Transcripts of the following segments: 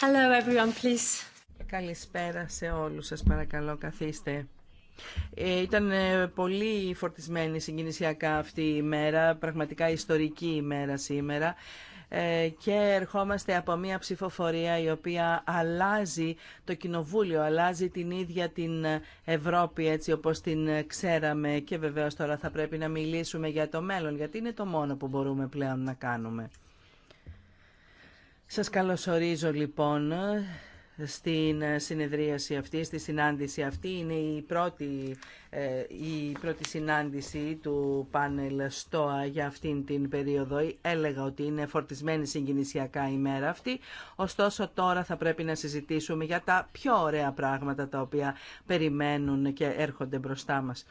Hello everyone, please. Καλησπέρα σε όλους σας, παρακαλώ καθίστε. Ε, ήταν ε, πολύ φορτισμένη συγκινησιακά αυτή η μέρα, πραγματικά ιστορική ημέρα σήμερα ε, και ερχόμαστε από μια ψηφοφορία η οποία αλλάζει το Κοινοβούλιο, αλλάζει την ίδια την Ευρώπη έτσι όπως την ξέραμε και βεβαίως τώρα θα πρέπει να μιλήσουμε για το μέλλον γιατί είναι το μόνο που μπορούμε πλέον να κάνουμε. Σας καλωσορίζω λοιπόν στην συνεδρίαση αυτή, στη συνάντηση αυτή. Είναι η πρώτη, ε, η πρώτη συνάντηση του πάνελ ΣΤΟΑ για αυτήν την περίοδο. Έλεγα ότι είναι φορτισμένη συγκινησιακά η μέρα αυτή. Ωστόσο τώρα θα πρέπει να συζητήσουμε για τα πιο ωραία πράγματα τα οποία περιμένουν και έρχονται μπροστά μας.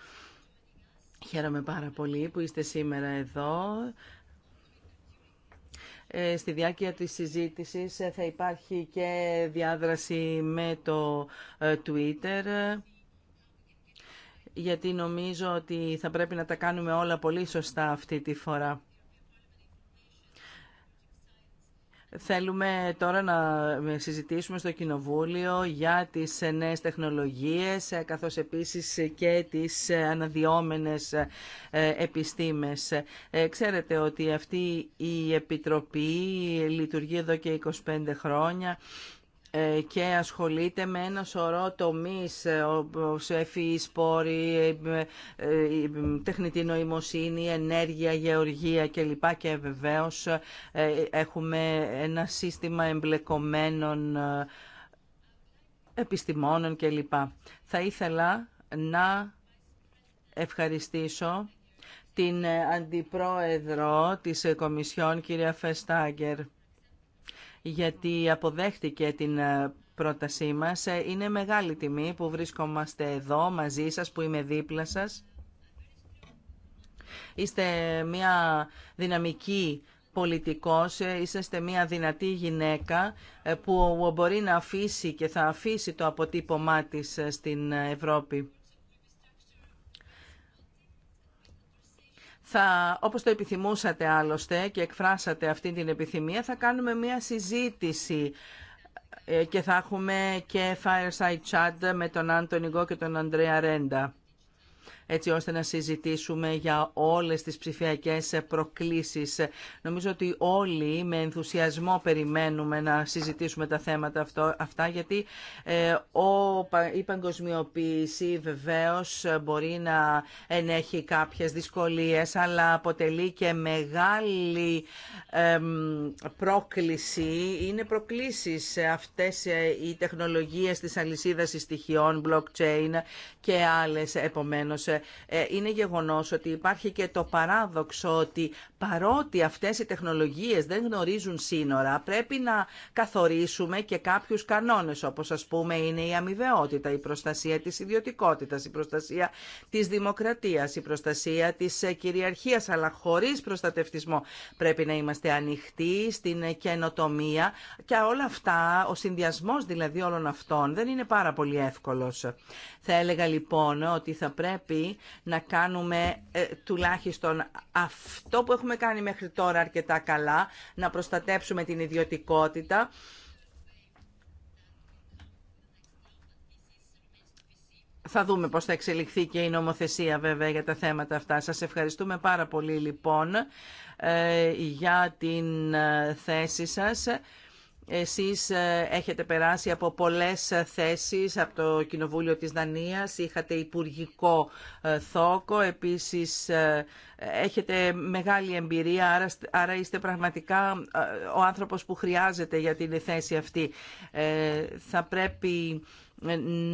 Χαίρομαι πάρα πολύ που είστε σήμερα εδώ ε, στη διάρκεια της συζήτησης ε, θα υπάρχει και διάδραση με το ε, Twitter γιατί νομίζω ότι θα πρέπει να τα κάνουμε όλα πολύ σωστά αυτή τη φορά. Θέλουμε τώρα να συζητήσουμε στο Κοινοβούλιο για τις νέες τεχνολογίες, καθώς επίσης και τις αναδυόμενες ε, επιστήμες. Ε, ξέρετε ότι αυτή η Επιτροπή λειτουργεί εδώ και 25 χρόνια ε, και ασχολείται με ένα σωρό τομείς ε, όπως εφηή σπόροι, ε, τεχνητή νοημοσύνη, ενέργεια, γεωργία κλπ. Και βεβαίως έχουμε ένα σύστημα εμπλεκομένων επιστημόνων κλπ. Θα ήθελα να ευχαριστήσω την Αντιπρόεδρο της Κομισιόν, κυρία Φεστάγκερ γιατί αποδέχτηκε την ε, πρότασή μας. Ε, είναι μεγάλη τιμή που βρίσκομαστε εδώ μαζί σας, που είμαι δίπλα σας. Είστε μια δυναμική πολιτικός, ε, είσαστε μια δυνατή γυναίκα που μπορεί να αφήσει και θα αφήσει το αποτύπωμά της στην Ευρώπη. θα, όπως το επιθυμούσατε άλλωστε και εκφράσατε αυτή την επιθυμία, θα κάνουμε μια συζήτηση ε, και θα έχουμε και fireside chat με τον Άντων και τον Ανδρέα Ρέντα έτσι ώστε να συζητήσουμε για όλες τις ψηφιακές προκλήσεις. Νομίζω ότι όλοι με ενθουσιασμό περιμένουμε να συζητήσουμε τα θέματα αυτά, γιατί ε, η παγκοσμιοποίηση βεβαίως μπορεί να ενέχει κάποιες δυσκολίες, αλλά αποτελεί και μεγάλη πρόκληση. Είναι προκλήσεις αυτές ε, οι τεχνολογίες της αλυσίδας στοιχειών, blockchain και άλλες. Επομένως, ε, είναι γεγονός ότι υπάρχει και το παράδοξο ότι παρότι αυτές οι τεχνολογίες δεν γνωρίζουν σύνορα, πρέπει να καθορίσουμε και κάποιους κανόνες, όπως α πούμε είναι η αμοιβαιότητα, η προστασία της ιδιωτικότητας, η προστασία της δημοκρατίας, η προστασία της ε, κυριαρχίας, αλλά χωρίς προστατευτισμό. Πρέπει να είμαστε ανοιχτοί στην καινοτομία και όλα αυτά, ο συνδυασμός δηλαδή όλων αυτών δεν είναι πάρα πολύ εύκολος. Θα έλεγα λοιπόν ότι θα πρέπει να κάνουμε ε, τουλάχιστον αυτό που έχουμε κάνει μέχρι τώρα αρκετά καλά, να προστατέψουμε την ιδιωτικότητα. Θα δούμε πώς θα εξελιχθεί και η νομοθεσία βέβαια για τα θέματα αυτά. Σας ευχαριστούμε πάρα πολύ λοιπόν ε, για την ε, θέση σας. Εσείς ε, έχετε περάσει από πολλές ε, θέσεις από το Κοινοβούλιο της Δανίας, είχατε υπουργικό ε, θόκο, επίσης έχετε μεγάλη εμπειρία, άρα είστε πραγματικά ο άνθρωπος που χρειάζεται για την θέση αυτή. Θα πρέπει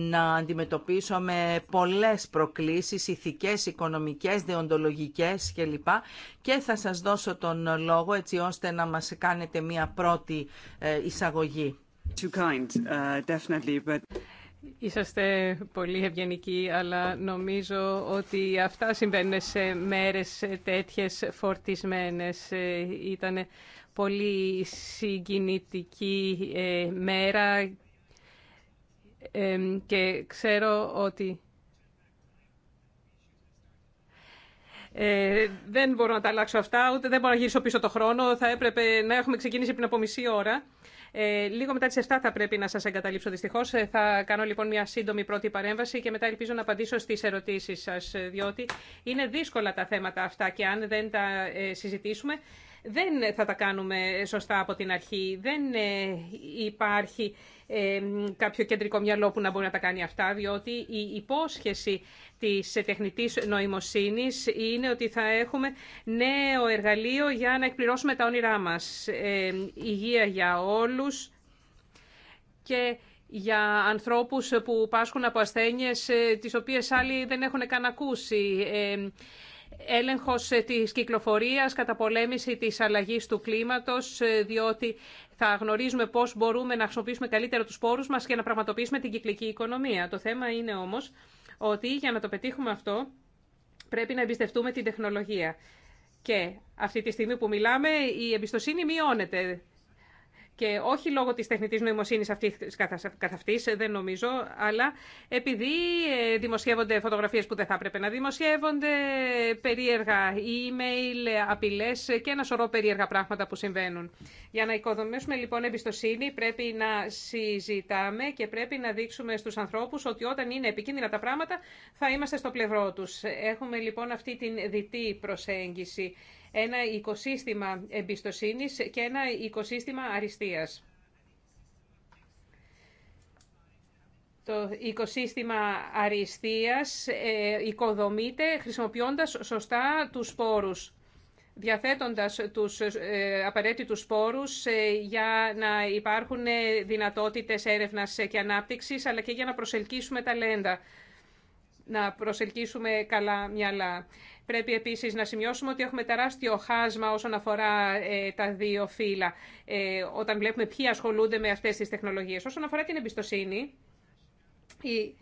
να αντιμετωπίσουμε πολλές προκλήσεις ηθικές, οικονομικές, δεοντολογικές κλπ. Και θα σας δώσω τον λόγο έτσι ώστε να μας κάνετε μία πρώτη ε, εισαγωγή. Uh, Είσαστε πολύ ευγενικοί, αλλά νομίζω ότι αυτά συμβαίνουν σε μέρες τέτοιες φορτισμένες. Ε, Ήταν πολύ συγκινητική ε, μέρα και ξέρω ότι Ε, δεν μπορώ να τα αλλάξω αυτά, ούτε δεν μπορώ να γυρίσω πίσω το χρόνο. Θα έπρεπε να έχουμε ξεκινήσει πριν από μισή ώρα. Ε, λίγο μετά τις 7 θα πρέπει να σας εγκαταλείψω δυστυχώς. Ε, θα κάνω λοιπόν μια σύντομη πρώτη παρέμβαση και μετά ελπίζω να απαντήσω στις ερωτήσεις σας, ε, διότι είναι δύσκολα τα θέματα αυτά και αν δεν τα ε, συζητήσουμε δεν θα τα κάνουμε σωστά από την αρχή. Δεν ε, υπάρχει ε, κάποιο κεντρικό μυαλό που να μπορεί να τα κάνει αυτά, διότι η υπόσχεση της τεχνητής νοημοσύνης είναι ότι θα έχουμε νέο εργαλείο για να εκπληρώσουμε τα όνειρά μας. Ε, υγεία για όλους και για ανθρώπους που πάσχουν από ασθένειες τις οποίες άλλοι δεν έχουν καν ακούσει έλεγχος της κυκλοφορίας, καταπολέμηση της αλλαγή του κλίματος, διότι θα γνωρίζουμε πώς μπορούμε να χρησιμοποιήσουμε καλύτερα τους πόρους μας και να πραγματοποιήσουμε την κυκλική οικονομία. Το θέμα είναι όμως ότι για να το πετύχουμε αυτό πρέπει να εμπιστευτούμε την τεχνολογία. Και αυτή τη στιγμή που μιλάμε η εμπιστοσύνη μειώνεται. Και όχι λόγω της τεχνητής νοημοσύνης αυτής καθ' αυτής, ε, δεν νομίζω, αλλά επειδή ε, δημοσιεύονται φωτογραφίες που δεν θα έπρεπε να δημοσιεύονται, περίεργα email, απειλές και ένα σωρό περίεργα πράγματα που συμβαίνουν. Για να οικοδομήσουμε λοιπόν εμπιστοσύνη πρέπει να συζητάμε και πρέπει να δείξουμε στους ανθρώπους ότι όταν είναι επικίνδυνα τα πράγματα θα είμαστε στο πλευρό τους. Έχουμε λοιπόν αυτή την διτή προσέγγιση ένα οικοσύστημα εμπιστοσύνης και ένα οικοσύστημα αριστείας. Το οικοσύστημα αριστείας ε, οικοδομείται χρησιμοποιώντας σωστά τους σπόρους διαθέτοντας τους ε, απαραίτητους σπόρους ε, για να υπάρχουν δυνατότητες έρευνας και ανάπτυξης, αλλά και για να προσελκύσουμε ταλέντα, να προσελκύσουμε καλά μυαλά. Πρέπει επίσης να σημειώσουμε ότι έχουμε τεράστιο χάσμα όσον αφορά ε, τα δύο φύλλα, ε, όταν βλέπουμε ποιοι ασχολούνται με αυτές τις τεχνολογίες. Όσον αφορά την εμπιστοσύνη, η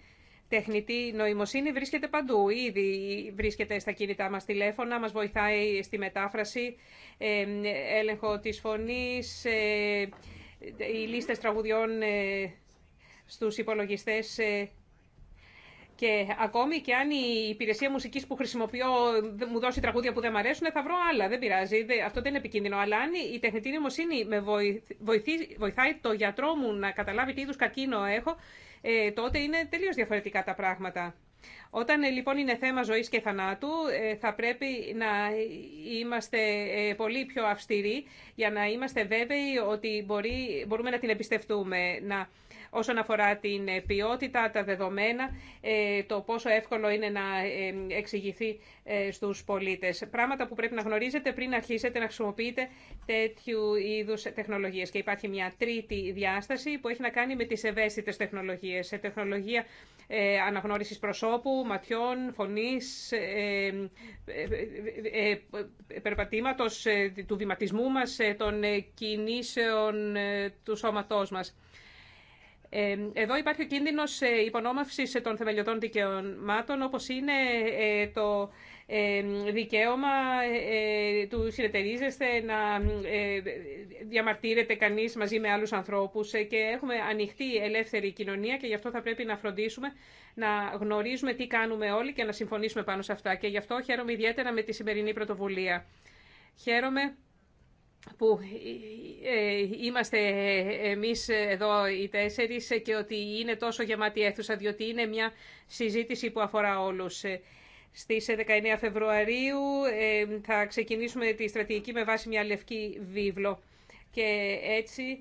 τεχνητή νοημοσύνη βρίσκεται παντού. Ήδη βρίσκεται στα κινητά μας τηλέφωνα, μας βοηθάει στη μετάφραση, ε, έλεγχο της φωνής, ε, οι λίστες τραγουδιών ε, στους υπολογιστές και ακόμη και αν η υπηρεσία μουσική που χρησιμοποιώ μου δώσει τραγούδια που δεν μου αρέσουν, θα βρω άλλα. Δεν πειράζει, αυτό δεν είναι επικίνδυνο. Αλλά αν η τεχνητή νοημοσύνη με βοηθεί, βοηθάει το γιατρό μου να καταλάβει τι είδου καρκίνο έχω, ε, τότε είναι τελείω διαφορετικά τα πράγματα. Όταν ε, λοιπόν είναι θέμα ζωή και θανάτου, ε, θα πρέπει να είμαστε ε, πολύ πιο αυστηροί για να είμαστε βέβαιοι ότι μπορεί, μπορούμε να την εμπιστευτούμε, να όσον αφορά την ε, ποιότητα, τα δεδομένα, ε, το πόσο εύκολο είναι να ε, εξηγηθεί στους πολίτες. Πράγματα που πρέπει να γνωρίζετε πριν αρχίσετε να χρησιμοποιείτε τέτοιου είδους τεχνολογίες. Και υπάρχει μια τρίτη διάσταση που έχει να κάνει με τις ευαίσθητες τεχνολογίες. Σε τεχνολογία αναγνώρισης προσώπου, ματιών, φωνής, περπατήματος, του βηματισμού μας, των κινήσεων του σώματός μας. Ε, εδώ υπάρχει ο κίνδυνος ε, υπονόμαυσης ε, των θεμελιωτών δικαιωμάτων, όπως είναι το δικαίωμα του συνεταιρίζεστε να διαμαρτύρεται κανείς μαζί με άλλους ανθρώπους και έχουμε ανοιχτή ελεύθερη κοινωνία και γι' αυτό θα πρέπει να φροντίσουμε να γνωρίζουμε τι κάνουμε όλοι και να συμφωνήσουμε πάνω σε αυτά. Και γι' αυτό χαίρομαι ιδιαίτερα με τη σημερινή πρωτοβουλία. Χαίρομαι που ε, ε, είμαστε εμείς εδώ οι τέσσερις και ότι είναι τόσο γεμάτη αίθουσα, διότι είναι μια συζήτηση που αφορά όλους. Στις 19 Φεβρουαρίου ε, θα ξεκινήσουμε τη στρατηγική με βάση μια λευκή βίβλο και έτσι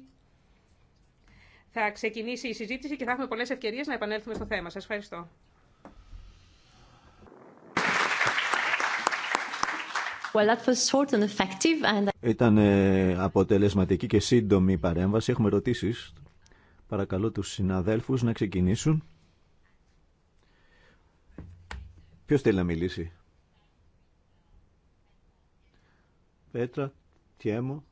θα ξεκινήσει η συζήτηση και θα έχουμε πολλές ευκαιρίες να επανέλθουμε στο θέμα. Σας ευχαριστώ. Ήταν αποτελεσματική και σύντομη παρέμβαση. Έχουμε ερωτήσει. Παρακαλώ τους συναδέλφους να ξεκινήσουν. Ποιο θέλει να μιλήσει. Πέτρα, Τιέμο.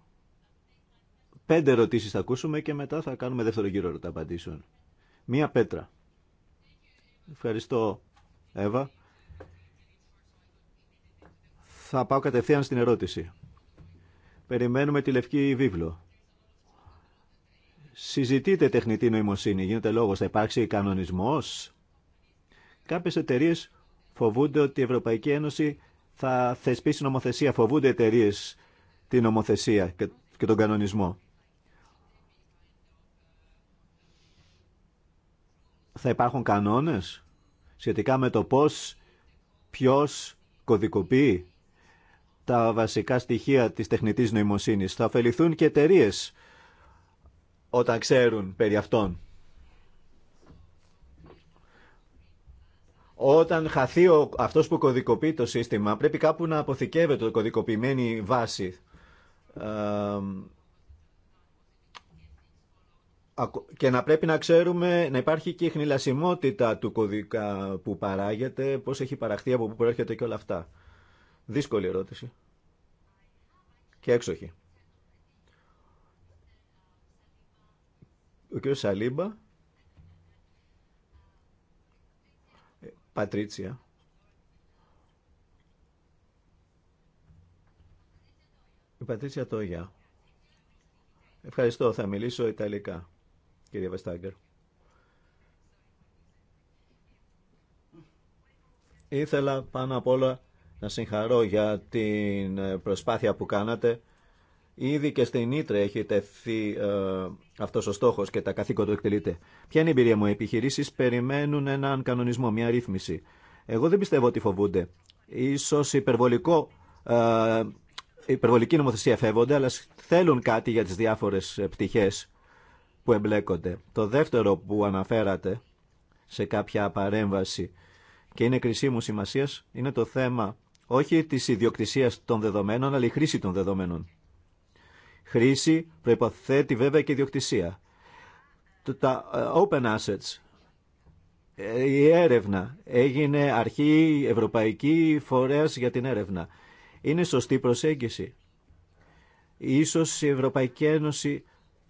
Πέντε ερωτήσει θα ακούσουμε και μετά θα κάνουμε δεύτερο γύρο απαντήσεων. Μία Πέτρα. Ευχαριστώ, Εύα θα πάω κατευθείαν στην ερώτηση. Περιμένουμε τη λευκή βίβλο. Συζητείτε τεχνητή νοημοσύνη, γίνεται λόγος, θα υπάρξει κανονισμός. Κάποιες εταιρείε φοβούνται ότι η Ευρωπαϊκή Ένωση θα θεσπίσει νομοθεσία, φοβούνται εταιρείε την νομοθεσία και τον κανονισμό. Θα υπάρχουν κανόνες σχετικά με το πώς, ποιος κωδικοποιεί τα βασικά στοιχεία της τεχνητής νοημοσύνης. Θα ωφεληθούν και εταιρείε όταν ξέρουν περί αυτών. Όταν χαθεί ο, αυτός που κωδικοποιεί το σύστημα, πρέπει κάπου να αποθηκεύεται το κωδικοποιημένη βάση. και να πρέπει να ξέρουμε να υπάρχει και η χνηλασιμότητα του κωδικά που παράγεται, πώς έχει παραχθεί, από πού προέρχεται και όλα αυτά. Δύσκολη ερώτηση. Και έξοχη. Ο κύριος Σαλίμπα, ε, Πατρίτσια, η Πατρίτσια Τόγια. Ευχαριστώ, θα μιλήσω Ιταλικά, κύριε Βεστάγκερ. Ήθελα πάνω απ' όλα να συγχαρώ για την ε, προσπάθεια που κάνατε. Ήδη και στην Ήτρε έχει τεθεί ε, αυτός ο στόχος και τα καθήκοντα εκτελείται. Ποια είναι η εμπειρία μου. Οι επιχειρήσεις περιμένουν έναν κανονισμό, μια ρύθμιση. Εγώ δεν πιστεύω ότι φοβούνται. Ίσως υπερβολικό, ε, υπερβολική νομοθεσία φεύγονται, αλλά θέλουν κάτι για τις διάφορες πτυχές που εμπλέκονται. Το δεύτερο που αναφέρατε σε κάποια παρέμβαση και είναι κρισίμου σημασίας είναι το θέμα όχι τη ιδιοκτησία των δεδομένων, αλλά η χρήση των δεδομένων. Χρήση προποθέτει βέβαια και ιδιοκτησία. Τα ε, open assets, ε, η έρευνα, έγινε αρχή ευρωπαϊκή φορέας για την έρευνα. Είναι σωστή προσέγγιση. Ίσως η Ευρωπαϊκή Ένωση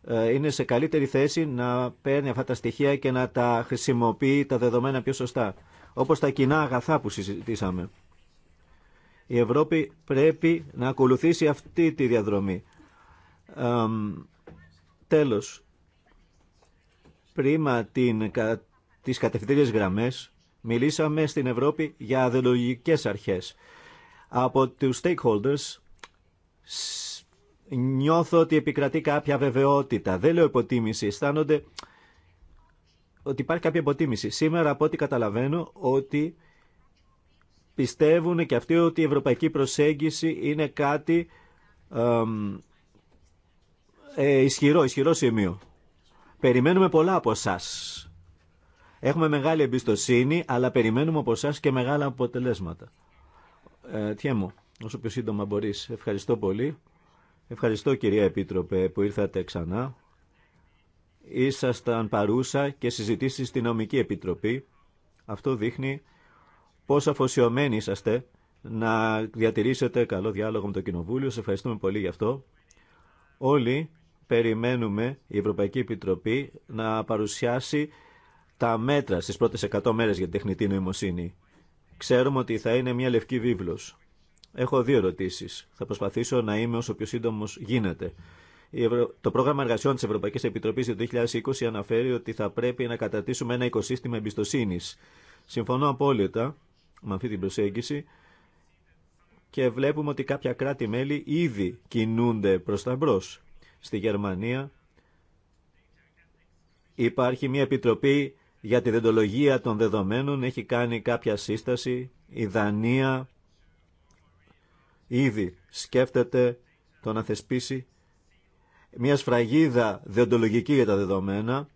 ε, είναι σε καλύτερη θέση να παίρνει αυτά τα στοιχεία και να τα χρησιμοποιεί τα δεδομένα πιο σωστά. Όπως τα κοινά αγαθά που συζητήσαμε. Η Ευρώπη πρέπει να ακολουθήσει αυτή τη διαδρομή. Ε, τέλος, πρίμα την, τις κατευθυντές γραμμές, μιλήσαμε στην Ευρώπη για αδελογικές αρχές. Από τους stakeholders νιώθω ότι επικρατεί κάποια βεβαιότητα. Δεν λέω υποτίμηση, αισθάνονται ότι υπάρχει κάποια υποτίμηση. Σήμερα από ό,τι καταλαβαίνω ότι πιστεύουν και αυτοί ότι η ευρωπαϊκή προσέγγιση είναι κάτι ε, ισχυρό, ισχυρό σημείο. Περιμένουμε πολλά από εσά. Έχουμε μεγάλη εμπιστοσύνη, αλλά περιμένουμε από εσά και μεγάλα αποτελέσματα. Ε, μου, όσο πιο σύντομα μπορείς. Ευχαριστώ πολύ. Ευχαριστώ κυρία Επίτροπε που ήρθατε ξανά. Ήσασταν παρούσα και συζητήσει στην Νομική Επιτροπή. Αυτό δείχνει πώς αφοσιωμένοι είσαστε να διατηρήσετε καλό διάλογο με το Κοινοβούλιο. Σε ευχαριστούμε πολύ γι' αυτό. Όλοι περιμένουμε η Ευρωπαϊκή Επιτροπή να παρουσιάσει τα μέτρα στις πρώτες 100 μέρες για την τεχνητή νοημοσύνη. Ξέρουμε ότι θα είναι μια λευκή βίβλος. Έχω δύο ερωτήσεις. Θα προσπαθήσω να είμαι όσο πιο σύντομος γίνεται. Το πρόγραμμα εργασιών της Ευρωπαϊκής Επιτροπής για το 2020 αναφέρει ότι θα πρέπει να κατατήσουμε ένα οικοσύστημα εμπιστοσύνης. Συμφωνώ απόλυτα με αυτή την προσέγγιση και βλέπουμε ότι κάποια κράτη-μέλη ήδη κινούνται προς τα μπρος. Στη Γερμανία υπάρχει μια επιτροπή για τη δεντολογία των δεδομένων, έχει κάνει κάποια σύσταση, η Δανία ήδη σκέφτεται το να θεσπίσει μια σφραγίδα διοντολογική για τα δεδομένα,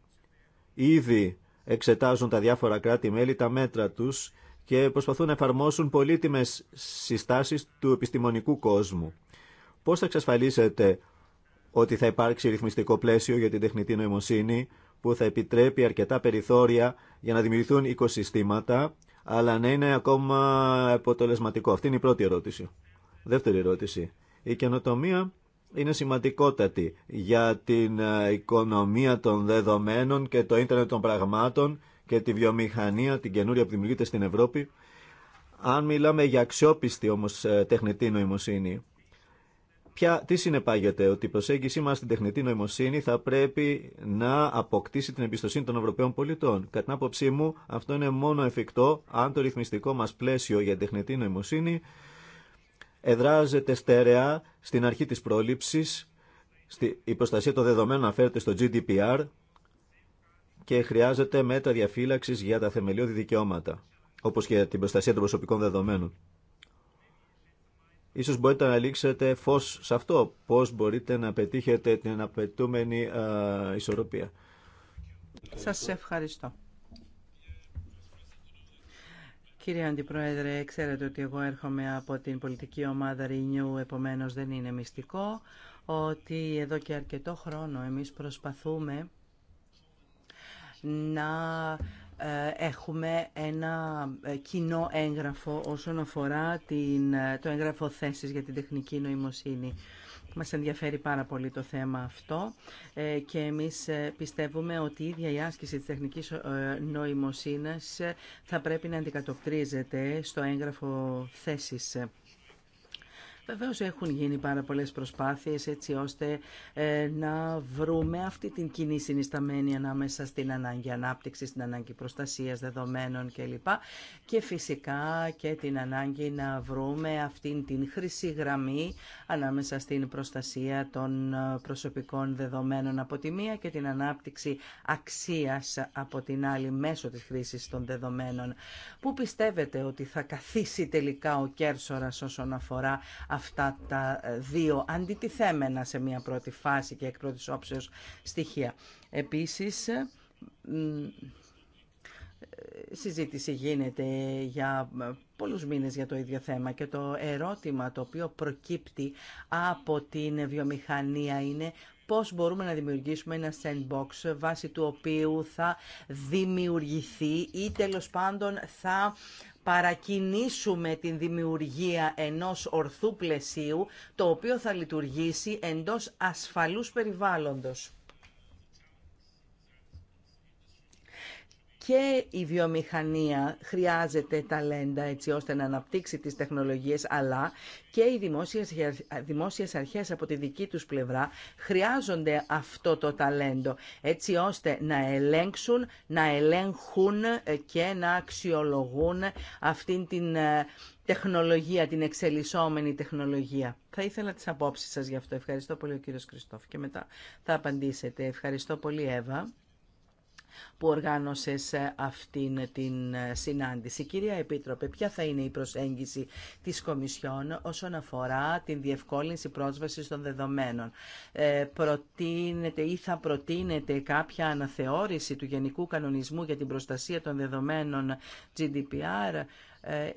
ήδη εξετάζουν τα διάφορα κράτη-μέλη τα μέτρα τους και προσπαθούν να εφαρμόσουν πολύτιμες συστάσεις του επιστημονικού κόσμου. Πώς θα εξασφαλίσετε ότι θα υπάρξει ρυθμιστικό πλαίσιο για την τεχνητή νοημοσύνη που θα επιτρέπει αρκετά περιθώρια για να δημιουργηθούν οικοσυστήματα, αλλά να είναι ακόμα αποτελεσματικό. Αυτή είναι η πρώτη ερώτηση. Δεύτερη ερώτηση. Η καινοτομία είναι σημαντικότατη για την ε, οικονομία των δεδομένων και το ίντερνετ των πραγμάτων και τη βιομηχανία, την καινούρια που δημιουργείται στην Ευρώπη. Αν μιλάμε για αξιόπιστη όμως ε, τεχνητή νοημοσύνη, ποια, τι συνεπάγεται ότι η προσέγγιση μας στην τεχνητή νοημοσύνη θα πρέπει να αποκτήσει την εμπιστοσύνη των Ευρωπαίων πολιτών. Κατά την άποψή μου αυτό είναι μόνο εφικτό αν το ρυθμιστικό μας πλαίσιο για τεχνητή νοημοσύνη εδράζεται στερεά στην αρχή της πρόληψης, η προστασία των δεδομένων αναφέρεται στο GDPR, και χρειάζεται μέτρα διαφύλαξη για τα θεμελιώδη δικαιώματα, όπω και την προστασία των προσωπικών δεδομένων. Ίσως μπορείτε να λήξετε φως σε αυτό, πώς μπορείτε να πετύχετε την απαιτούμενη α, ισορροπία. Σας ευχαριστώ. Κύριε Αντιπρόεδρε, ξέρετε ότι εγώ έρχομαι από την πολιτική ομάδα ΡΙΝΙΟΥ, επομένως δεν είναι μυστικό ότι εδώ και αρκετό χρόνο εμείς προσπαθούμε να ε, έχουμε ένα ε, κοινό έγγραφο όσον αφορά την, ε, το έγγραφο θέσης για την τεχνική νοημοσύνη. Μας ενδιαφέρει πάρα πολύ το θέμα αυτό και εμείς πιστεύουμε ότι η ίδια η άσκηση της τεχνικής νοημοσύνης θα πρέπει να αντικατοπτρίζεται στο έγγραφο θέσης. Βεβαίω έχουν γίνει πάρα πολλές προσπάθειες έτσι ώστε ε, να βρούμε αυτή την κοινή συνισταμένη ανάμεσα στην ανάγκη ανάπτυξη, στην ανάγκη προστασίας δεδομένων κλπ. Και φυσικά και την ανάγκη να βρούμε αυτήν την χρυσή γραμμή ανάμεσα στην προστασία των ε, προσωπικών δεδομένων από τη μία και την ανάπτυξη αξίας από την άλλη μέσω τη χρήση των δεδομένων. Πού πιστεύετε ότι θα καθίσει τελικά ο Κέρσορα όσον αφορά αυτά τα ε, δύο αντιτιθέμενα σε μια πρώτη φάση και εκ πρώτης όψεως στοιχεία. Επίσης, ε, ε, συζήτηση γίνεται για πολλούς μήνες για το ίδιο θέμα και το ερώτημα το οποίο προκύπτει από την βιομηχανία είναι πώς μπορούμε να δημιουργήσουμε ένα sandbox βάσει του οποίου θα δημιουργηθεί ή τέλος πάντων θα παρακινήσουμε την δημιουργία ενός ορθού πλαισίου το οποίο θα λειτουργήσει εντός ασφαλούς περιβάλλοντος. και η βιομηχανία χρειάζεται ταλέντα έτσι ώστε να αναπτύξει τις τεχνολογίες αλλά και οι δημόσιες, δημόσιες αρχές από τη δική τους πλευρά χρειάζονται αυτό το ταλέντο έτσι ώστε να ελέγξουν, να ελέγχουν ε, και να αξιολογούν αυτήν την ε, τεχνολογία, την εξελισσόμενη τεχνολογία. Θα ήθελα τις απόψεις σας γι' αυτό. Ευχαριστώ πολύ ο κύριος Κριστόφ και μετά θα απαντήσετε. Ευχαριστώ πολύ Εύα που οργάνωσες ε, αυτήν την ε, συνάντηση. Κυρία Επίτροπε, ποια θα είναι η προσέγγιση της Κομισιόν όσον αφορά την διευκόλυνση πρόσβασης των δεδομένων. Ε, προτείνεται ή θα προτείνεται κάποια αναθεώρηση του Γενικού Κανονισμού για την Προστασία των Δεδομένων GDPR ε,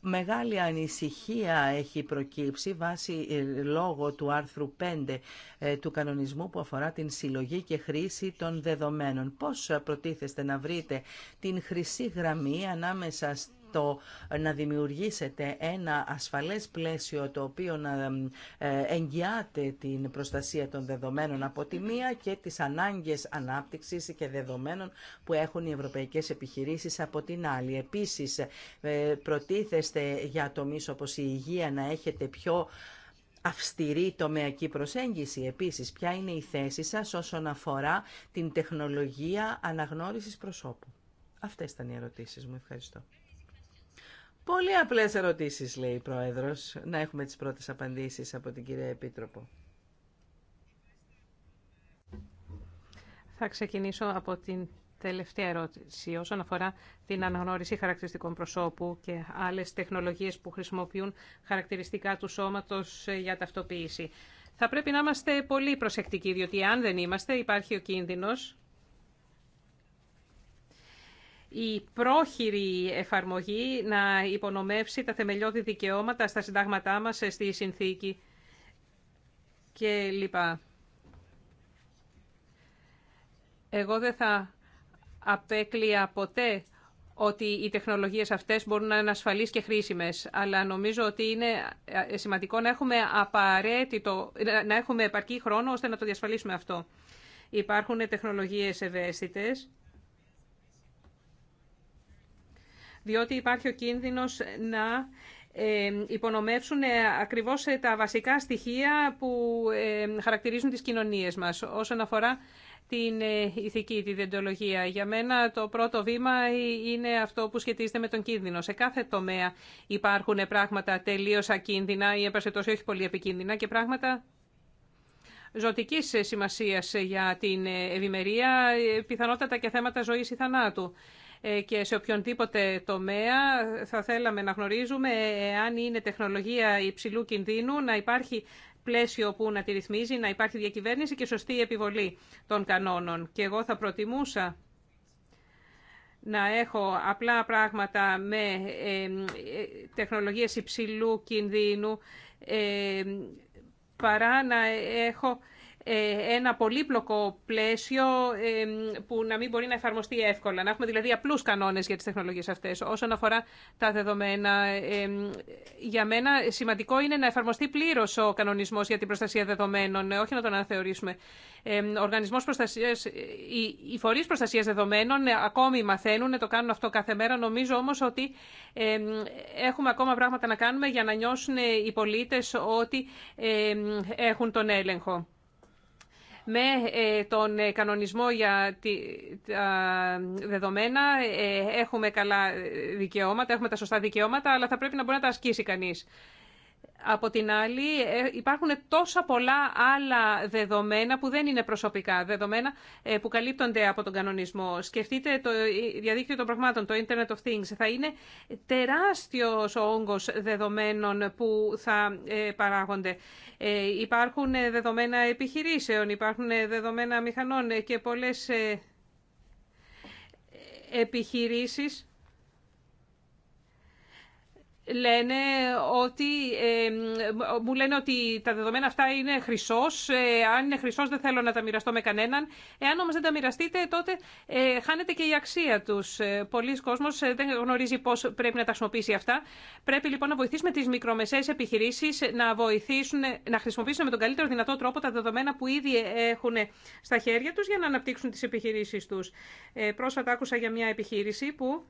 Μεγάλη ανησυχία έχει προκύψει βάσει ε, λόγω του άρθρου 5 ε, του κανονισμού που αφορά την συλλογή και χρήση των δεδομένων. Πώς προτίθεστε να βρείτε την χρυσή γραμμή ανάμεσα το να δημιουργήσετε ένα ασφαλές πλαίσιο το οποίο να ε, εγγυάται την προστασία των δεδομένων από τη μία και τις ανάγκες ανάπτυξης και δεδομένων που έχουν οι ευρωπαϊκές επιχειρήσεις από την άλλη. Επίσης, ε, προτίθεστε για τομείς όπως η υγεία να έχετε πιο αυστηρή τομεακή προσέγγιση. Επίσης, ποια είναι η θέση σας όσον αφορά την τεχνολογία αναγνώρισης προσώπου. Αυτές ήταν οι ερωτήσεις μου. Ευχαριστώ. Πολύ απλέ ερωτήσει, λέει η Πρόεδρος, να έχουμε τις πρώτες απαντήσει από την κυρία Επίτροπο. Θα ξεκινήσω από την τελευταία ερώτηση όσον αφορά την αναγνώριση χαρακτηριστικών προσώπου και άλλες τεχνολογίες που χρησιμοποιούν χαρακτηριστικά του σώματος για ταυτοποίηση. Θα πρέπει να είμαστε πολύ προσεκτικοί, διότι αν δεν είμαστε υπάρχει ο κίνδυνος η πρόχειρη εφαρμογή να υπονομεύσει τα θεμελιώδη δικαιώματα στα συντάγματά μας, ε, στη συνθήκη και λοιπά. Εγώ δεν θα απέκλεια ποτέ ότι οι τεχνολογίες αυτές μπορούν να είναι ασφαλείς και χρήσιμες, αλλά νομίζω ότι είναι ε, σημαντικό να έχουμε, απαραίτητο, να έχουμε επαρκή χρόνο ώστε να το διασφαλίσουμε αυτό. Υπάρχουν τεχνολογίες ευαίσθητες, διότι υπάρχει ο κίνδυνος να ε, υπονομεύσουν ε, ακριβώς ε, τα βασικά στοιχεία που χαρακτηρίζουν τις κοινωνίες μας όσον αφορά την ηθική, τη διεντολογία. Για μένα το πρώτο βήμα είναι αυτό που σχετίζεται με τον κίνδυνο. Σε κάθε τομέα υπάρχουν πράγματα τελείως ακίνδυνα ή τόσο όχι πολύ επικίνδυνα και πράγματα ζωτικής σημασίας για την ευημερία, πιθανότατα και θέματα ζωής ή θανάτου. Ε, και σε οποιονδήποτε τομέα θα θέλαμε να γνωρίζουμε αν είναι τεχνολογία υψηλού κινδύνου, να υπάρχει πλαίσιο που να τη ρυθμίζει, να υπάρχει διακυβέρνηση και σωστή επιβολή των κανόνων. Και εγώ θα προτιμούσα να έχω απλά πράγματα με ε, ε, τεχνολογίες υψηλού κινδύνου παρά να έχω ε, ένα πολύπλοκο πλαίσιο ε, που να μην μπορεί να εφαρμοστεί εύκολα. Να έχουμε δηλαδή απλούς κανόνες για τις τεχνολογίες αυτές. Όσον αφορά τα δεδομένα, ε, για μένα σημαντικό είναι να εφαρμοστεί πλήρως ο κανονισμός για την προστασία δεδομένων, όχι να τον αναθεωρήσουμε. Ε, οργανισμός προστασίας, οι φορείς προστασίας δεδομένων ακόμη μαθαίνουν, το κάνουν αυτό κάθε μέρα. Νομίζω όμως ότι έχουμε ακόμα πράγματα να κάνουμε για να νιώσουν οι πολίτες ότι έχουν τον έλεγχο με ε, τον ε, κανονισμό για τα δεδομένα ε, έχουμε καλά δικαιώματα, έχουμε τα σωστά δικαιώματα, αλλά θα πρέπει να μπορεί να τα ασκήσει κανείς. Από την άλλη, υπάρχουν τόσα πολλά άλλα δεδομένα που δεν είναι προσωπικά, δεδομένα που καλύπτονται από τον κανονισμό. Σκεφτείτε το διαδίκτυο των πραγμάτων, το Internet of Things. Θα είναι τεράστιος ο όγκος δεδομένων που θα παράγονται. Ε, υπάρχουν ε, δεδομένα επιχειρήσεων, υπάρχουν ε, δεδομένα μηχανών και πολλές επιχειρήσεις λένε ότι, ε, μου λένε ότι τα δεδομένα αυτά είναι χρυσό. Ε, αν είναι χρυσό, δεν θέλω να τα μοιραστώ με κανέναν. Εάν όμω δεν τα μοιραστείτε τότε ε, χάνεται και η αξία του. Ε, πολλοί κόσμος ε, δεν γνωρίζει πώ πρέπει να τα χρησιμοποιήσει αυτά. Πρέπει λοιπόν να βοηθήσουμε τι μικρομεσαίες επιχειρήσει να, βοηθήσουν, να χρησιμοποιήσουν με τον καλύτερο δυνατό τρόπο τα δεδομένα που ήδη έχουν στα χέρια του για να αναπτύξουν τι επιχειρήσει του. Ε, πρόσφατα άκουσα για μια επιχείρηση που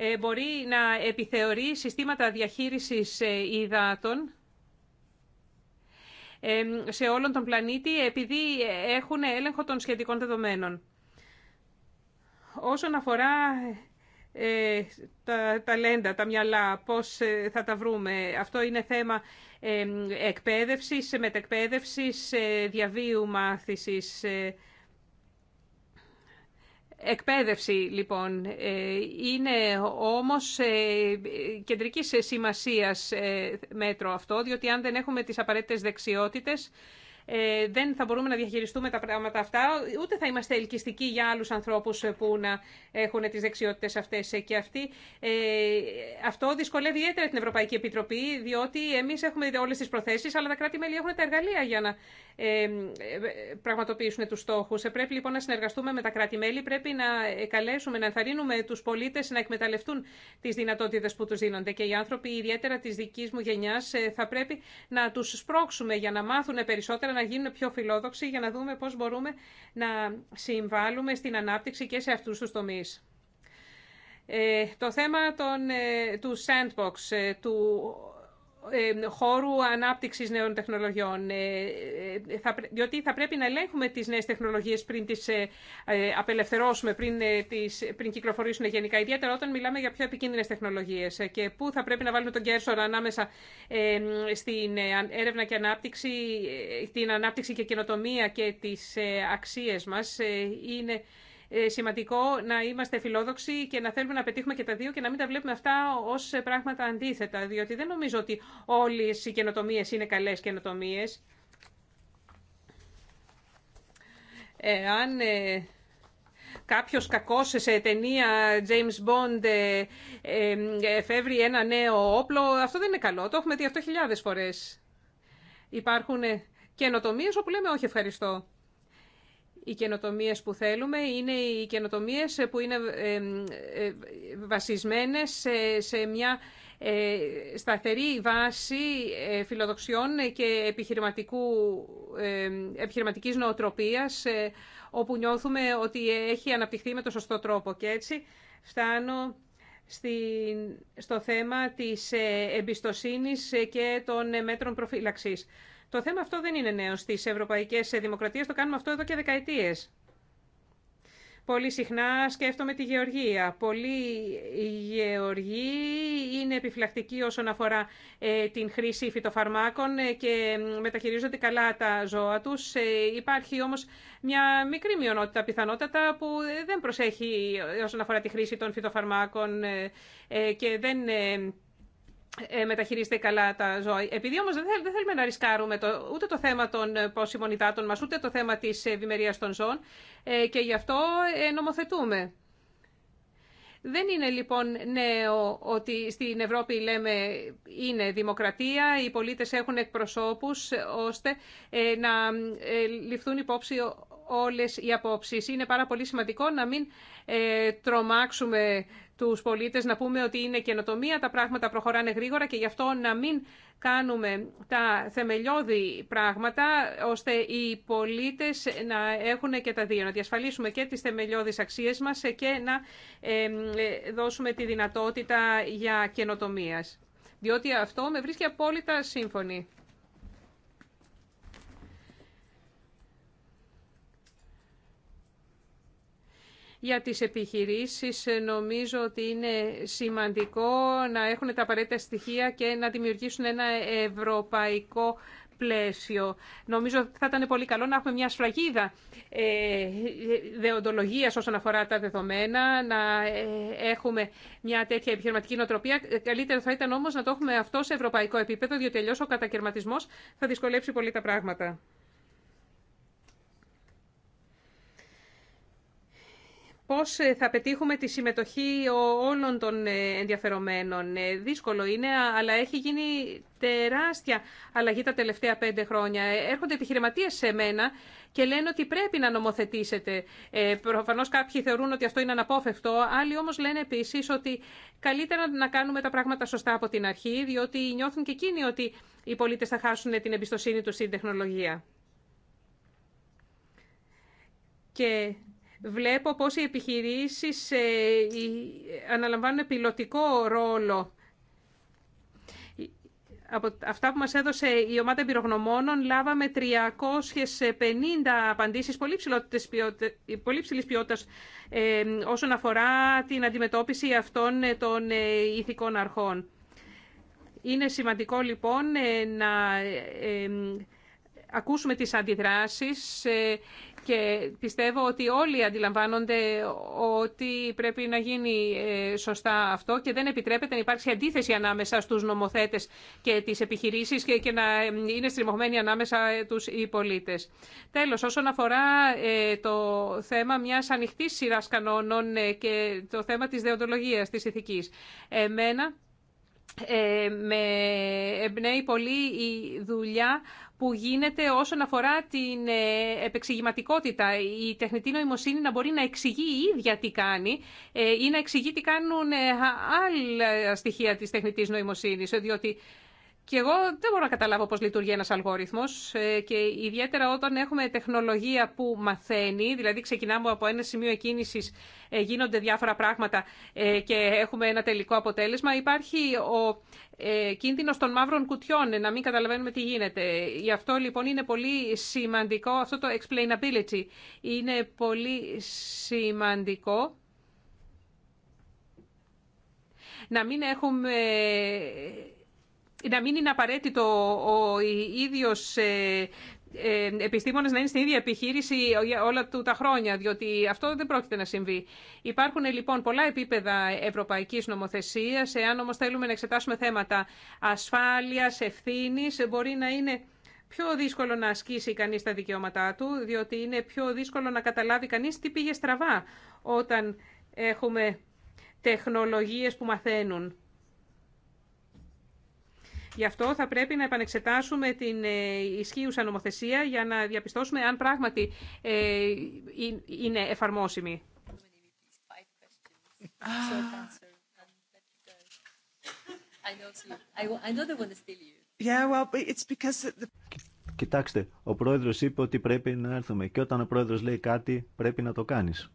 ε, μπορεί να επιθεωρεί συστήματα διαχείρισης ε, υδάτων ε, σε όλον τον πλανήτη επειδή έχουν έλεγχο των σχετικών δεδομένων. Όσον αφορά τα ταλέντα, τα μυαλά, πώς θα τα βρούμε. Αυτό είναι θέμα ε, εκπαίδευσης, μετεκπαίδευσης, διαβίου μάθησης. Εκπαίδευση λοιπόν ε, είναι όμως ε, κεντρικής σημασίας ε, μέτρο αυτό, διότι αν δεν έχουμε τις απαραίτητες δεξιότητες ε, δεν θα μπορούμε να διαχειριστούμε τα πράγματα αυτά, ούτε θα είμαστε ελκυστικοί για άλλους ανθρώπους ε, που να έχουν τις δεξιότητες αυτές. Ε, και Ε, αυτό δυσκολεύει ιδιαίτερα την Ευρωπαϊκή Επιτροπή, διότι εμείς έχουμε όλες τις προθέσεις, αλλά τα κράτη-μέλη έχουν τα εργαλεία για να πραγματοποιήσουν τους στόχους. Πρέπει λοιπόν να συνεργαστούμε με τα κράτη-μέλη, πρέπει να καλέσουμε, να ενθαρρύνουμε τους πολίτες να εκμεταλλευτούν τις δυνατότητες που τους δίνονται. Και οι άνθρωποι, ιδιαίτερα της δικής μου γενιάς, θα πρέπει να τους σπρώξουμε για να μάθουν περισσότερα, να γίνουν πιο φιλόδοξοι για να δούμε πώς μπορούμε να συμβάλλουμε στην ανάπτυξη και σε αυτούς τους τομείς. Ε, το θέμα των, ε, του sandbox, ε, του ε, χώρου ανάπτυξης νέων τεχνολογιών, ε, ε, διότι θα πρέπει να ελέγχουμε τις νέες τεχνολογίες πριν τις απελευθερώσουμε, πριν, τις, πριν κυκλοφορήσουν γενικά, ιδιαίτερα όταν μιλάμε για πιο επικίνδυνες τεχνολογίες και πού θα πρέπει να βάλουμε τον κέρσορα ανάμεσα στην έρευνα και ανάπτυξη, την ανάπτυξη και καινοτομία και τις αξίες μας. Είναι ε, σημαντικό να είμαστε φιλόδοξοι και να θέλουμε να πετύχουμε και τα δύο και να μην τα βλέπουμε αυτά ω πράγματα αντίθετα, διότι δεν νομίζω ότι όλε οι καινοτομίε είναι καλέ καινοτομίε. Ε, αν ε, κάποιος κακός σε ταινία James Bond ε, εφεύρει ένα νέο όπλο, αυτό δεν είναι καλό. Το έχουμε δει αυτό χιλιάδες φορές. Υπάρχουν καινοτομίες όπου λέμε όχι ευχαριστώ οι καινοτομίε που θέλουμε είναι οι καινοτομίε που είναι ε, ε, βασισμένες σε μια ε, σταθερή βάση φιλοδοξιών και επιχειρηματικού, επιχειρηματικής νοοτροπίας όπου νιώθουμε ότι έχει αναπτυχθεί με το σωστό τρόπο. Και έτσι φτάνω στο θέμα της εμπιστοσύνης και των μέτρων προφύλαξης. Το θέμα αυτό δεν είναι νέο στις ευρωπαϊκές δημοκρατίες, το κάνουμε αυτό εδώ και δεκαετίες. Πολύ συχνά σκέφτομαι τη γεωργία. Πολλοί γεωργοί είναι επιφυλακτικοί όσον αφορά ε, την χρήση φυτοφαρμάκων ε, και μεταχειρίζονται καλά τα ζώα τους. Ε, υπάρχει όμως μια μικρή μειονότητα πιθανότατα που δεν προσέχει όσον αφορά τη χρήση των φυτοφαρμάκων και δεν ε, μεταχειρίζεται καλά τα ζώα. Επειδή όμως δεν, δεν θέλουμε να ρισκάρουμε το, ούτε το θέμα των ε, πόσιμων υδάτων μας, ούτε το θέμα της ε, ευημερία των ζώων και γι' αυτό νομοθετούμε. Δεν είναι λοιπόν νέο ότι στην Ευρώπη λέμε είναι δημοκρατία, οι πολίτες έχουν εκπροσώπους ώστε να ληφθούν υπόψη όλες οι απόψεις. Είναι πάρα πολύ σημαντικό να μην τρομάξουμε τους πολίτες να πούμε ότι είναι καινοτομία, τα πράγματα προχωράνε γρήγορα και γι' αυτό να μην κάνουμε τα θεμελιώδη πράγματα, ώστε οι πολίτες να έχουν και τα δύο, να διασφαλίσουμε και τι θεμελιώδεις αξίες μας και να δώσουμε τη δυνατότητα για καινοτομία. Διότι αυτό με βρίσκει απόλυτα σύμφωνη. για τις επιχειρήσεις ε, νομίζω ότι είναι σημαντικό να έχουν τα απαραίτητα στοιχεία και να δημιουργήσουν ένα ευρωπαϊκό πλαίσιο. Νομίζω ότι θα ήταν πολύ καλό να έχουμε μια σφραγίδα ε, δεοντολογίας όσον αφορά τα δεδομένα, να ε, έχουμε μια τέτοια επιχειρηματική νοοτροπία. Καλύτερο θα ήταν όμως να το έχουμε αυτό σε ευρωπαϊκό επίπεδο, διότι αλλιώς ο κατακαιρματισμός θα δυσκολέψει πολύ τα πράγματα. πώς ε, θα πετύχουμε τη συμμετοχή όλων των ε, ενδιαφερομένων. Ε, δύσκολο είναι, αλλά έχει γίνει τεράστια αλλαγή τα τελευταία πέντε χρόνια. Έρχονται επιχειρηματίες σε μένα και λένε ότι πρέπει να νομοθετήσετε. Ε, Προφανώ κάποιοι θεωρούν ότι αυτό είναι αναπόφευκτο, άλλοι όμω λένε επίση ότι καλύτερα να κάνουμε τα πράγματα σωστά από την αρχή, διότι νιώθουν και εκείνοι ότι οι πολίτε θα χάσουν την εμπιστοσύνη του στην τεχνολογία. Και βλέπω πώς οι επιχειρήσεις ε, αναλαμβάνουν πιλωτικό ρόλο. Από αυτά που μας έδωσε η ομάδα εμπειρογνωμόνων λάβαμε 350 απαντήσεις πολύ, πολύ ψηλής ποιότητας ε, όσον αφορά την αντιμετώπιση αυτών ε, των ηθικών αρχών. Είναι σημαντικό λοιπόν να ακούσουμε τις αντιδράσεις ε, και πιστεύω ότι όλοι αντιλαμβάνονται ότι πρέπει να γίνει ε, σωστά αυτό και δεν επιτρέπεται να υπάρξει αντίθεση ανάμεσα στους νομοθέτες και τις επιχειρήσεις και να ε, είναι στριμωγμένοι ανάμεσα τους οι πολίτες. Τέλος, όσον αφορά το θέμα μιας ανοιχτής σειράς κανόνων και το θέμα της δεοντολογίας, της ηθικής. Εμένα ε, με εμπνέει πολύ η δουλειά που γίνεται όσον αφορά την ε, επεξηγηματικότητα. Η τεχνητή νοημοσύνη να μπορεί να εξηγεί η ίδια τι κάνει ε, ή να εξηγεί τι κάνουν ε, άλλα στοιχεία της τεχνητής νοημοσύνης, διότι και εγώ δεν μπορώ να καταλάβω πώς λειτουργεί ένας αλγόριθμος ε, και ιδιαίτερα όταν έχουμε τεχνολογία που μαθαίνει, δηλαδή ξεκινάμε από ένα σημείο εκκίνησης, ε, γίνονται διάφορα πράγματα ε, και έχουμε ένα τελικό αποτέλεσμα, υπάρχει ο κίνδυνος των μαύρων κουτιών, να μην καταλαβαίνουμε τι γίνεται. Γι' αυτό λοιπόν είναι πολύ σημαντικό αυτό το explainability. Είναι πολύ σημαντικό να μην έχουμε ε, να μην είναι απαραίτητο ο ίδιος ε, ε, επιστήμονας να είναι στην ίδια επιχείρηση όλα του τα χρόνια, διότι αυτό δεν πρόκειται να συμβεί. Υπάρχουν λοιπόν πολλά επίπεδα ευρωπαϊκής νομοθεσίας, εάν όμως θέλουμε να εξετάσουμε θέματα ασφάλειας, ευθύνης, μπορεί να είναι πιο δύσκολο να ασκήσει κανείς τα δικαιώματά του, διότι είναι πιο δύσκολο να καταλάβει κανείς τι πήγε στραβά όταν έχουμε τεχνολογίες που μαθαίνουν. Γι' αυτό θα πρέπει να επανεξετάσουμε την ε, ισχύουσα νομοθεσία για να διαπιστώσουμε αν πράγματι ε, είναι εφαρμόσιμη. Κοιτάξτε, ο πρόεδρος είπε ότι πρέπει να έρθουμε και όταν ο πρόεδρος λέει κάτι πρέπει να το κάνεις.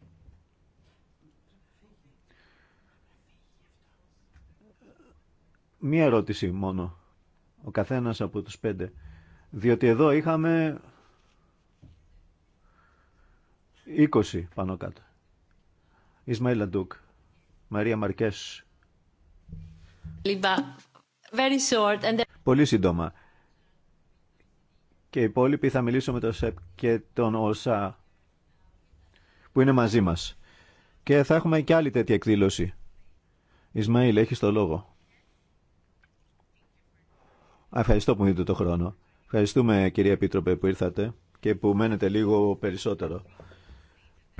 Μία ερώτηση μόνο ο καθένας από τους πέντε. Διότι εδώ είχαμε 20 πάνω κάτω. Ισμαήλ Αντούκ, Μαρία Μαρκές. Very short and Πολύ σύντομα. Και οι υπόλοιποι θα μιλήσω με τον ΣΕΠ και τον ΩΣΑ που είναι μαζί μας. Και θα έχουμε και άλλη τέτοια εκδήλωση. Ισμαήλ, έχεις το λόγο. Ευχαριστώ που μου δίνετε το χρόνο. Ευχαριστούμε κυρία Επίτροπε που ήρθατε και που μένετε λίγο περισσότερο.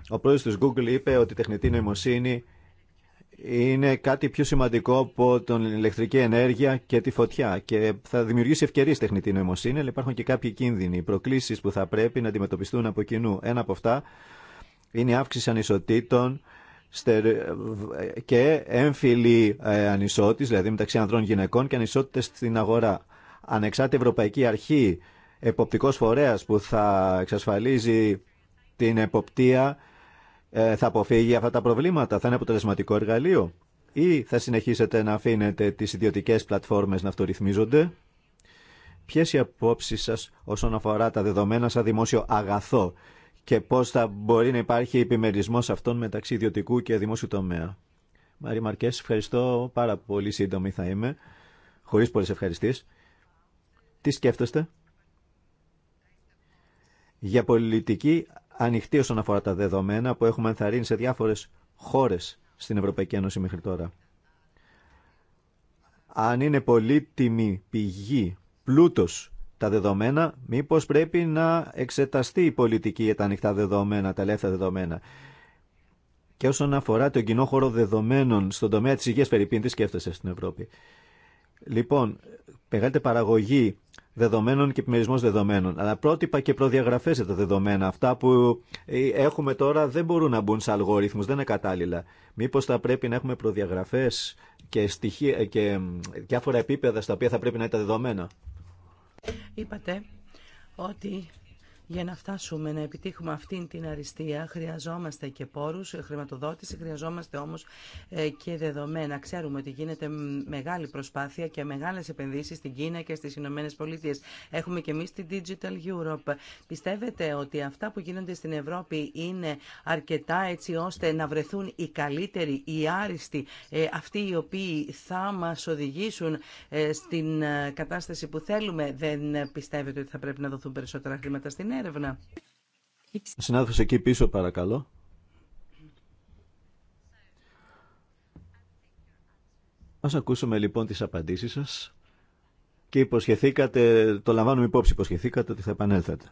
Ο πρόεδρος της Google είπε ότι η τεχνητή νοημοσύνη είναι κάτι πιο σημαντικό από την ηλεκτρική ενέργεια και τη φωτιά και θα δημιουργήσει ευκαιρίες τεχνητή νοημοσύνη, αλλά υπάρχουν και κάποιοι κίνδυνοι, προκλήσεις που θα πρέπει να αντιμετωπιστούν από κοινού. Ένα από αυτά είναι η αύξηση ανισοτήτων και έμφυλη ε, ανισότητα, δηλαδή μεταξύ ανδρών γυναικών και ανισότητες στην αγορά ανεξάρτητη Ευρωπαϊκή Αρχή, εποπτικός φορέας που θα εξασφαλίζει την εποπτεία, ε, θα αποφύγει αυτά τα προβλήματα, θα είναι αποτελεσματικό εργαλείο ή θα συνεχίσετε να αφήνετε τις ιδιωτικές πλατφόρμες να αυτορυθμίζονται. Ποιες οι απόψεις σας όσον αφορά τα δεδομένα σαν δημόσιο αγαθό και πώς θα μπορεί να υπάρχει επιμερισμός αυτών μεταξύ ιδιωτικού και δημόσιου τομέα. Μαρή Μαρκές, ευχαριστώ πάρα πολύ σύντομη θα είμαι, χωρίς πολλές ευχαριστήσεις. Τι σκέφτεστε για πολιτική ανοιχτή όσον αφορά τα δεδομένα που έχουμε ενθαρρύνει σε διάφορες χώρες στην Ευρωπαϊκή Ένωση μέχρι τώρα. Αν είναι πολύτιμη πηγή, πλούτος τα δεδομένα, μήπως πρέπει να εξεταστεί η πολιτική για τα ανοιχτά δεδομένα, τα ελεύθερα δεδομένα. Και όσον αφορά τον κοινό χώρο δεδομένων στον τομέα της υγείας περιπίνης, τι σκέφτεσαι στην Ευρώπη. Λοιπόν, μεγαλύτερη παραγωγή δεδομένων και επιμερισμό δεδομένων. Αλλά πρότυπα και προδιαγραφέ για τα δεδομένα. Αυτά που ε, έχουμε τώρα δεν μπορούν να μπουν σε αλγόριθμου, δεν είναι κατάλληλα. Μήπω θα πρέπει να έχουμε προδιαγραφέ και, στοιχεία, ε, και διάφορα επίπεδα στα οποία θα πρέπει να είναι τα δεδομένα. Είπατε ότι για να φτάσουμε να επιτύχουμε αυτήν την αριστεία χρειαζόμαστε και πόρους, χρηματοδότηση, χρειαζόμαστε όμως ε, και δεδομένα. Ξέρουμε ότι γίνεται μεγάλη προσπάθεια και μεγάλες επενδύσεις στην Κίνα και στις Ηνωμένε Πολιτείε. Έχουμε και εμείς την Digital Europe. Πιστεύετε ότι αυτά που γίνονται στην Ευρώπη είναι αρκετά έτσι ώστε να βρεθούν οι καλύτεροι, οι άριστοι, ε, αυτοί οι οποίοι θα μας οδηγήσουν ε, στην κατάσταση που θέλουμε. Δεν πιστεύετε ότι θα πρέπει να δοθούν περισσότερα χρήματα στην έρευνα. Συνάδελφος εκεί πίσω παρακαλώ. Ας ακούσουμε λοιπόν τις απαντήσεις σας και υποσχεθήκατε, το λαμβάνουμε υπόψη, υποσχεθήκατε ότι θα επανέλθετε.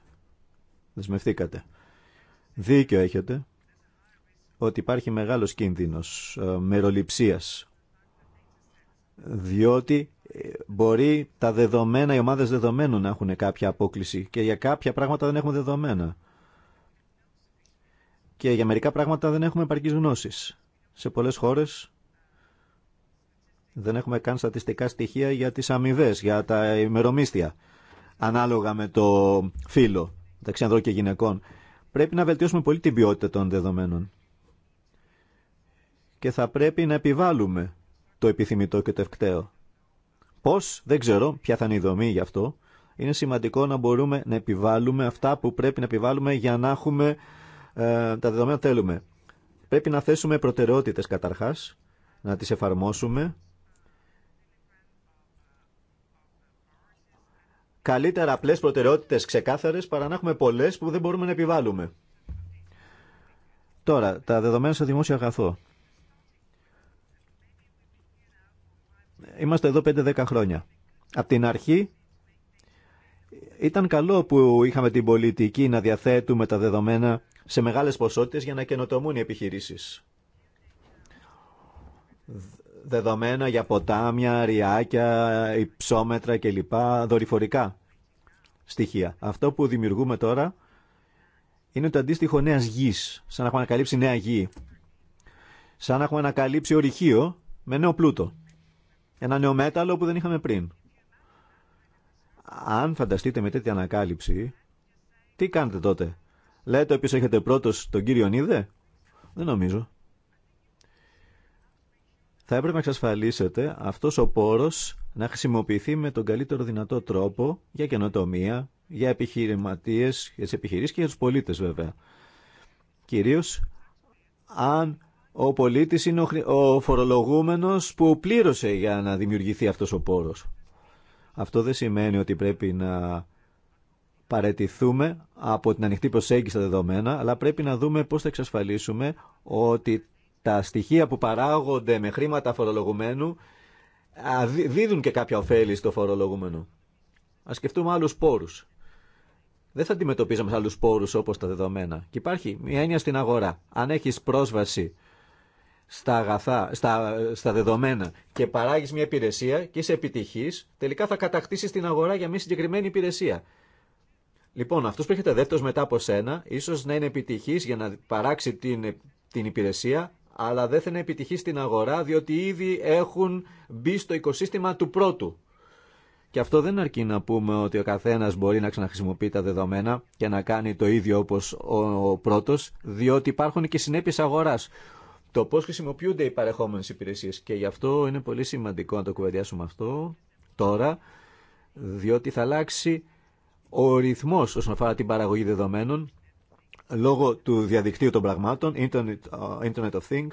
Δεσμευτήκατε. Δίκιο έχετε ότι υπάρχει μεγάλος κίνδυνος ε, μεροληψίας διότι μπορεί τα δεδομένα, οι ομάδες δεδομένων να έχουν κάποια απόκληση και για κάποια πράγματα δεν έχουμε δεδομένα. Και για μερικά πράγματα δεν έχουμε επαρκείς γνώσεις. Σε πολλές χώρες δεν έχουμε καν στατιστικά στοιχεία για τις αμοιβέ, για τα ημερομίστια, ανάλογα με το φύλλο μεταξύ ανδρών και γυναικών. Πρέπει να βελτιώσουμε πολύ την ποιότητα των δεδομένων. Και θα πρέπει να επιβάλλουμε το επιθυμητό και το ευκταίο. Πώς, δεν ξέρω ποια θα είναι η δομή γι' αυτό. Είναι σημαντικό να μπορούμε να επιβάλλουμε αυτά που πρέπει να επιβάλλουμε για να έχουμε ε, τα δεδομένα που θέλουμε. Πρέπει να θέσουμε προτεραιότητες καταρχάς, να τις εφαρμόσουμε. Καλύτερα απλές προτεραιότητες ξεκάθαρες παρά να έχουμε πολλές που δεν μπορούμε να επιβάλλουμε. Τώρα, τα δεδομένα στο δημόσιο αγαθό. Είμαστε εδώ 5-10 χρόνια. Από την αρχή ήταν καλό που είχαμε την πολιτική να διαθέτουμε τα δεδομένα σε μεγάλες ποσότητες για να καινοτομούν οι επιχειρήσεις. Δεδομένα για ποτάμια, ριάκια, υψόμετρα κλπ. Δορυφορικά στοιχεία. Αυτό που δημιουργούμε τώρα είναι το αντίστοιχο νέα γη. Σαν να έχουμε ανακαλύψει νέα γη. Σαν να έχουμε ανακαλύψει ορυχείο με νέο πλούτο ένα νέο μέταλλο που δεν είχαμε πριν. Αν φανταστείτε με τέτοια ανακάλυψη, τι κάνετε τότε. Λέτε όποιος έχετε πρώτος τον κύριο Νίδε. Δεν νομίζω. Θα έπρεπε να εξασφαλίσετε αυτός ο πόρος να χρησιμοποιηθεί με τον καλύτερο δυνατό τρόπο για καινοτομία, για επιχειρηματίες, για τις επιχειρήσεις και για τους πολίτες βέβαια. Κυρίως αν ο πολίτης είναι ο φορολογούμενος που πλήρωσε για να δημιουργηθεί αυτός ο πόρος. Αυτό δεν σημαίνει ότι πρέπει να παρετηθούμε από την ανοιχτή προσέγγιση στα δεδομένα, αλλά πρέπει να δούμε πώς θα εξασφαλίσουμε ότι τα στοιχεία που παράγονται με χρήματα φορολογουμένου δίδουν και κάποια ωφέλη στο φορολογούμενο. Ας σκεφτούμε άλλους πόρους. Δεν θα αντιμετωπίζαμε άλλους πόρους όπως τα δεδομένα. Και υπάρχει μια έννοια στην αγορά. Αν έχεις πρόσβαση στα αγαθά, στα, δεδομένα και παράγει μια υπηρεσία και είσαι επιτυχή, τελικά θα κατακτήσει την αγορά για μια συγκεκριμένη υπηρεσία. Λοιπόν, αυτό που έρχεται δεύτερο μετά από σένα, ίσω να είναι επιτυχή για να παράξει την, την υπηρεσία, αλλά δεν θα είναι επιτυχή στην αγορά, διότι ήδη έχουν μπει στο οικοσύστημα του πρώτου. Και αυτό δεν αρκεί να πούμε ότι ο καθένα μπορεί να ξαναχρησιμοποιεί τα δεδομένα και να κάνει το ίδιο όπω ο πρώτο, διότι υπάρχουν και συνέπειε αγορά το πώς χρησιμοποιούνται οι παρεχόμενες υπηρεσίες. Και γι' αυτό είναι πολύ σημαντικό να το κουβεντιάσουμε αυτό τώρα, διότι θα αλλάξει ο ρυθμός όσον αφορά την παραγωγή δεδομένων λόγω του διαδικτύου των πραγμάτων, Internet uh, of Things,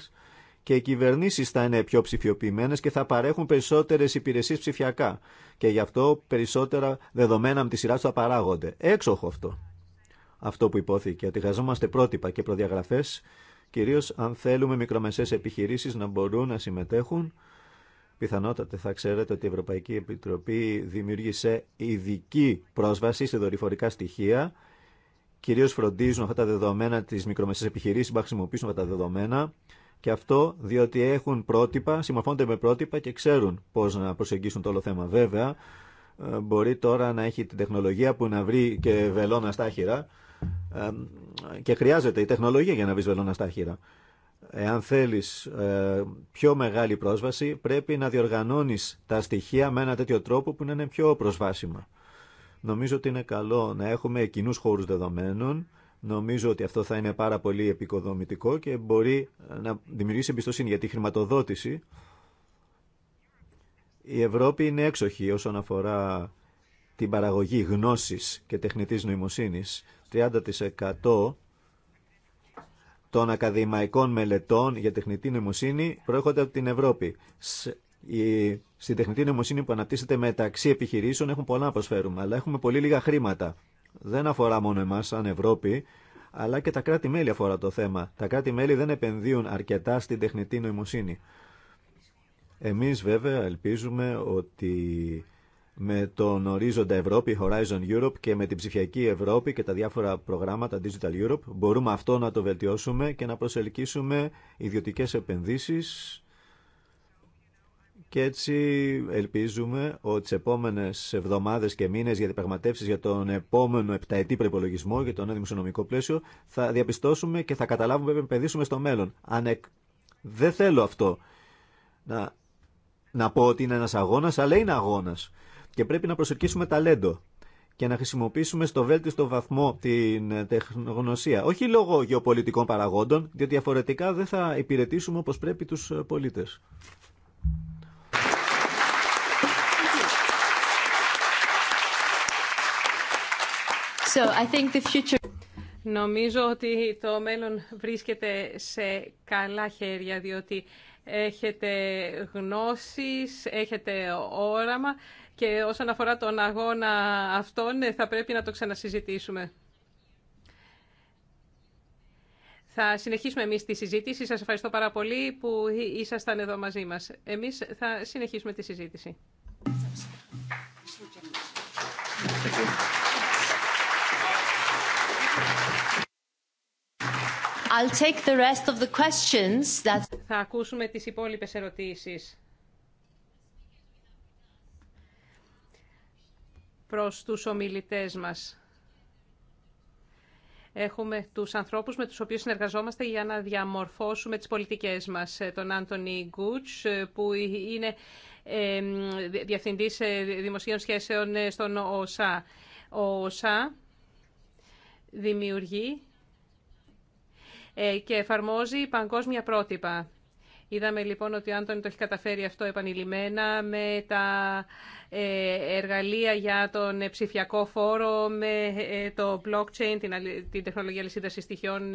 και οι κυβερνήσει θα είναι πιο ψηφιοποιημένε και θα παρέχουν περισσότερε υπηρεσίε ψηφιακά. Και γι' αυτό περισσότερα δεδομένα με τη σειρά του θα παράγονται. Έξοχο αυτό. Αυτό που υπόθηκε, ότι χρειαζόμαστε πρότυπα και προδιαγραφέ κυρίως αν θέλουμε μικρομεσαίες επιχειρήσεις να μπορούν να συμμετέχουν. Πιθανότατα θα ξέρετε ότι η Ευρωπαϊκή Επιτροπή δημιούργησε ειδική πρόσβαση σε δορυφορικά στοιχεία. Κυρίως φροντίζουν αυτά τα δεδομένα της μικρομεσαίες επιχειρήσεις να χρησιμοποιήσουν αυτά τα δεδομένα. Και αυτό διότι έχουν πρότυπα, συμμορφώνονται με πρότυπα και ξέρουν πώς να προσεγγίσουν το όλο θέμα. Βέβαια, ε, μπορεί τώρα να έχει την τεχνολογία που να βρει και βελόνα στα χείρα, και χρειάζεται η τεχνολογία για να βρει βελόνα στα χείρα. Εάν θέλεις ε, πιο μεγάλη πρόσβαση, πρέπει να διοργανώνει τα στοιχεία με ένα τέτοιο τρόπο που να είναι πιο προσβάσιμα. Νομίζω ότι είναι καλό να έχουμε κοινού χώρου δεδομένων. Νομίζω ότι αυτό θα είναι πάρα πολύ επικοδομητικό και μπορεί να δημιουργήσει εμπιστοσύνη για τη χρηματοδότηση. Η Ευρώπη είναι έξοχη όσον αφορά την παραγωγή γνώσης και τεχνητής νοημοσύνης. 30% των ακαδημαϊκών μελετών για τεχνητή νοημοσύνη προέρχονται από την Ευρώπη. Στην τεχνητή νοημοσύνη που αναπτύσσεται μεταξύ επιχειρήσεων έχουν πολλά να προσφέρουμε, αλλά έχουμε πολύ λίγα χρήματα. Δεν αφορά μόνο εμά σαν Ευρώπη, αλλά και τα κράτη-μέλη αφορά το θέμα. Τα κράτη-μέλη δεν επενδύουν αρκετά στην τεχνητή νοημοσύνη. Εμείς βέβαια ελπίζουμε ότι με τον ορίζοντα Ευρώπη, Horizon Europe και με την ψηφιακή Ευρώπη και τα διάφορα προγράμματα Digital Europe μπορούμε αυτό να το βελτιώσουμε και να προσελκύσουμε ιδιωτικές επενδύσεις και έτσι ελπίζουμε ότι τις επόμενες εβδομάδες και μήνες για διαπραγματεύσεις για τον επόμενο επταετή προπολογισμό για το νέο δημοσιονομικό πλαίσιο θα διαπιστώσουμε και θα καταλάβουμε να επενδύσουμε στο μέλλον. Δεν θέλω αυτό να... να πω ότι είναι ένας αγώνας, αλλά είναι αγώνας και πρέπει να προσελκύσουμε ταλέντο και να χρησιμοποιήσουμε στο βέλτιστο βαθμό την ε, τεχνογνωσία. Όχι λόγω γεωπολιτικών παραγόντων, διότι διαφορετικά δεν θα υπηρετήσουμε όπως πρέπει τους ε, πολίτες. So, I think the future... Νομίζω ότι το μέλλον βρίσκεται σε καλά χέρια, διότι έχετε γνώσεις, έχετε όραμα, και όσον αφορά τον αγώνα αυτόν θα πρέπει να το ξανασυζητήσουμε. Θα συνεχίσουμε εμείς τη συζήτηση. Σας ευχαριστώ πάρα πολύ που ήσασταν εδώ μαζί μας. Εμείς θα συνεχίσουμε τη συζήτηση. I'll take the rest of the questions that... Θα ακούσουμε τις υπόλοιπες ερωτήσεις. προς τους ομιλητές μας. Έχουμε τους ανθρώπους με τους οποίους συνεργαζόμαστε για να διαμορφώσουμε τις πολιτικές μας. Ε, τον Άντωνη Γκούτς, ε, που είναι Διευθυντής ε, Δημοσίων Σχέσεων στον ΟΣΑ. Ο ΟΣΑ δημιουργεί και εφαρμόζει παγκόσμια πρότυπα. Είδαμε λοιπόν ότι ο Άντωνη το έχει καταφέρει αυτό επανειλημμένα με τα ε, εργαλεία για τον ε, ψηφιακό φόρο, με ε, το blockchain, την τεχνολογία λυσίδασης στοιχειών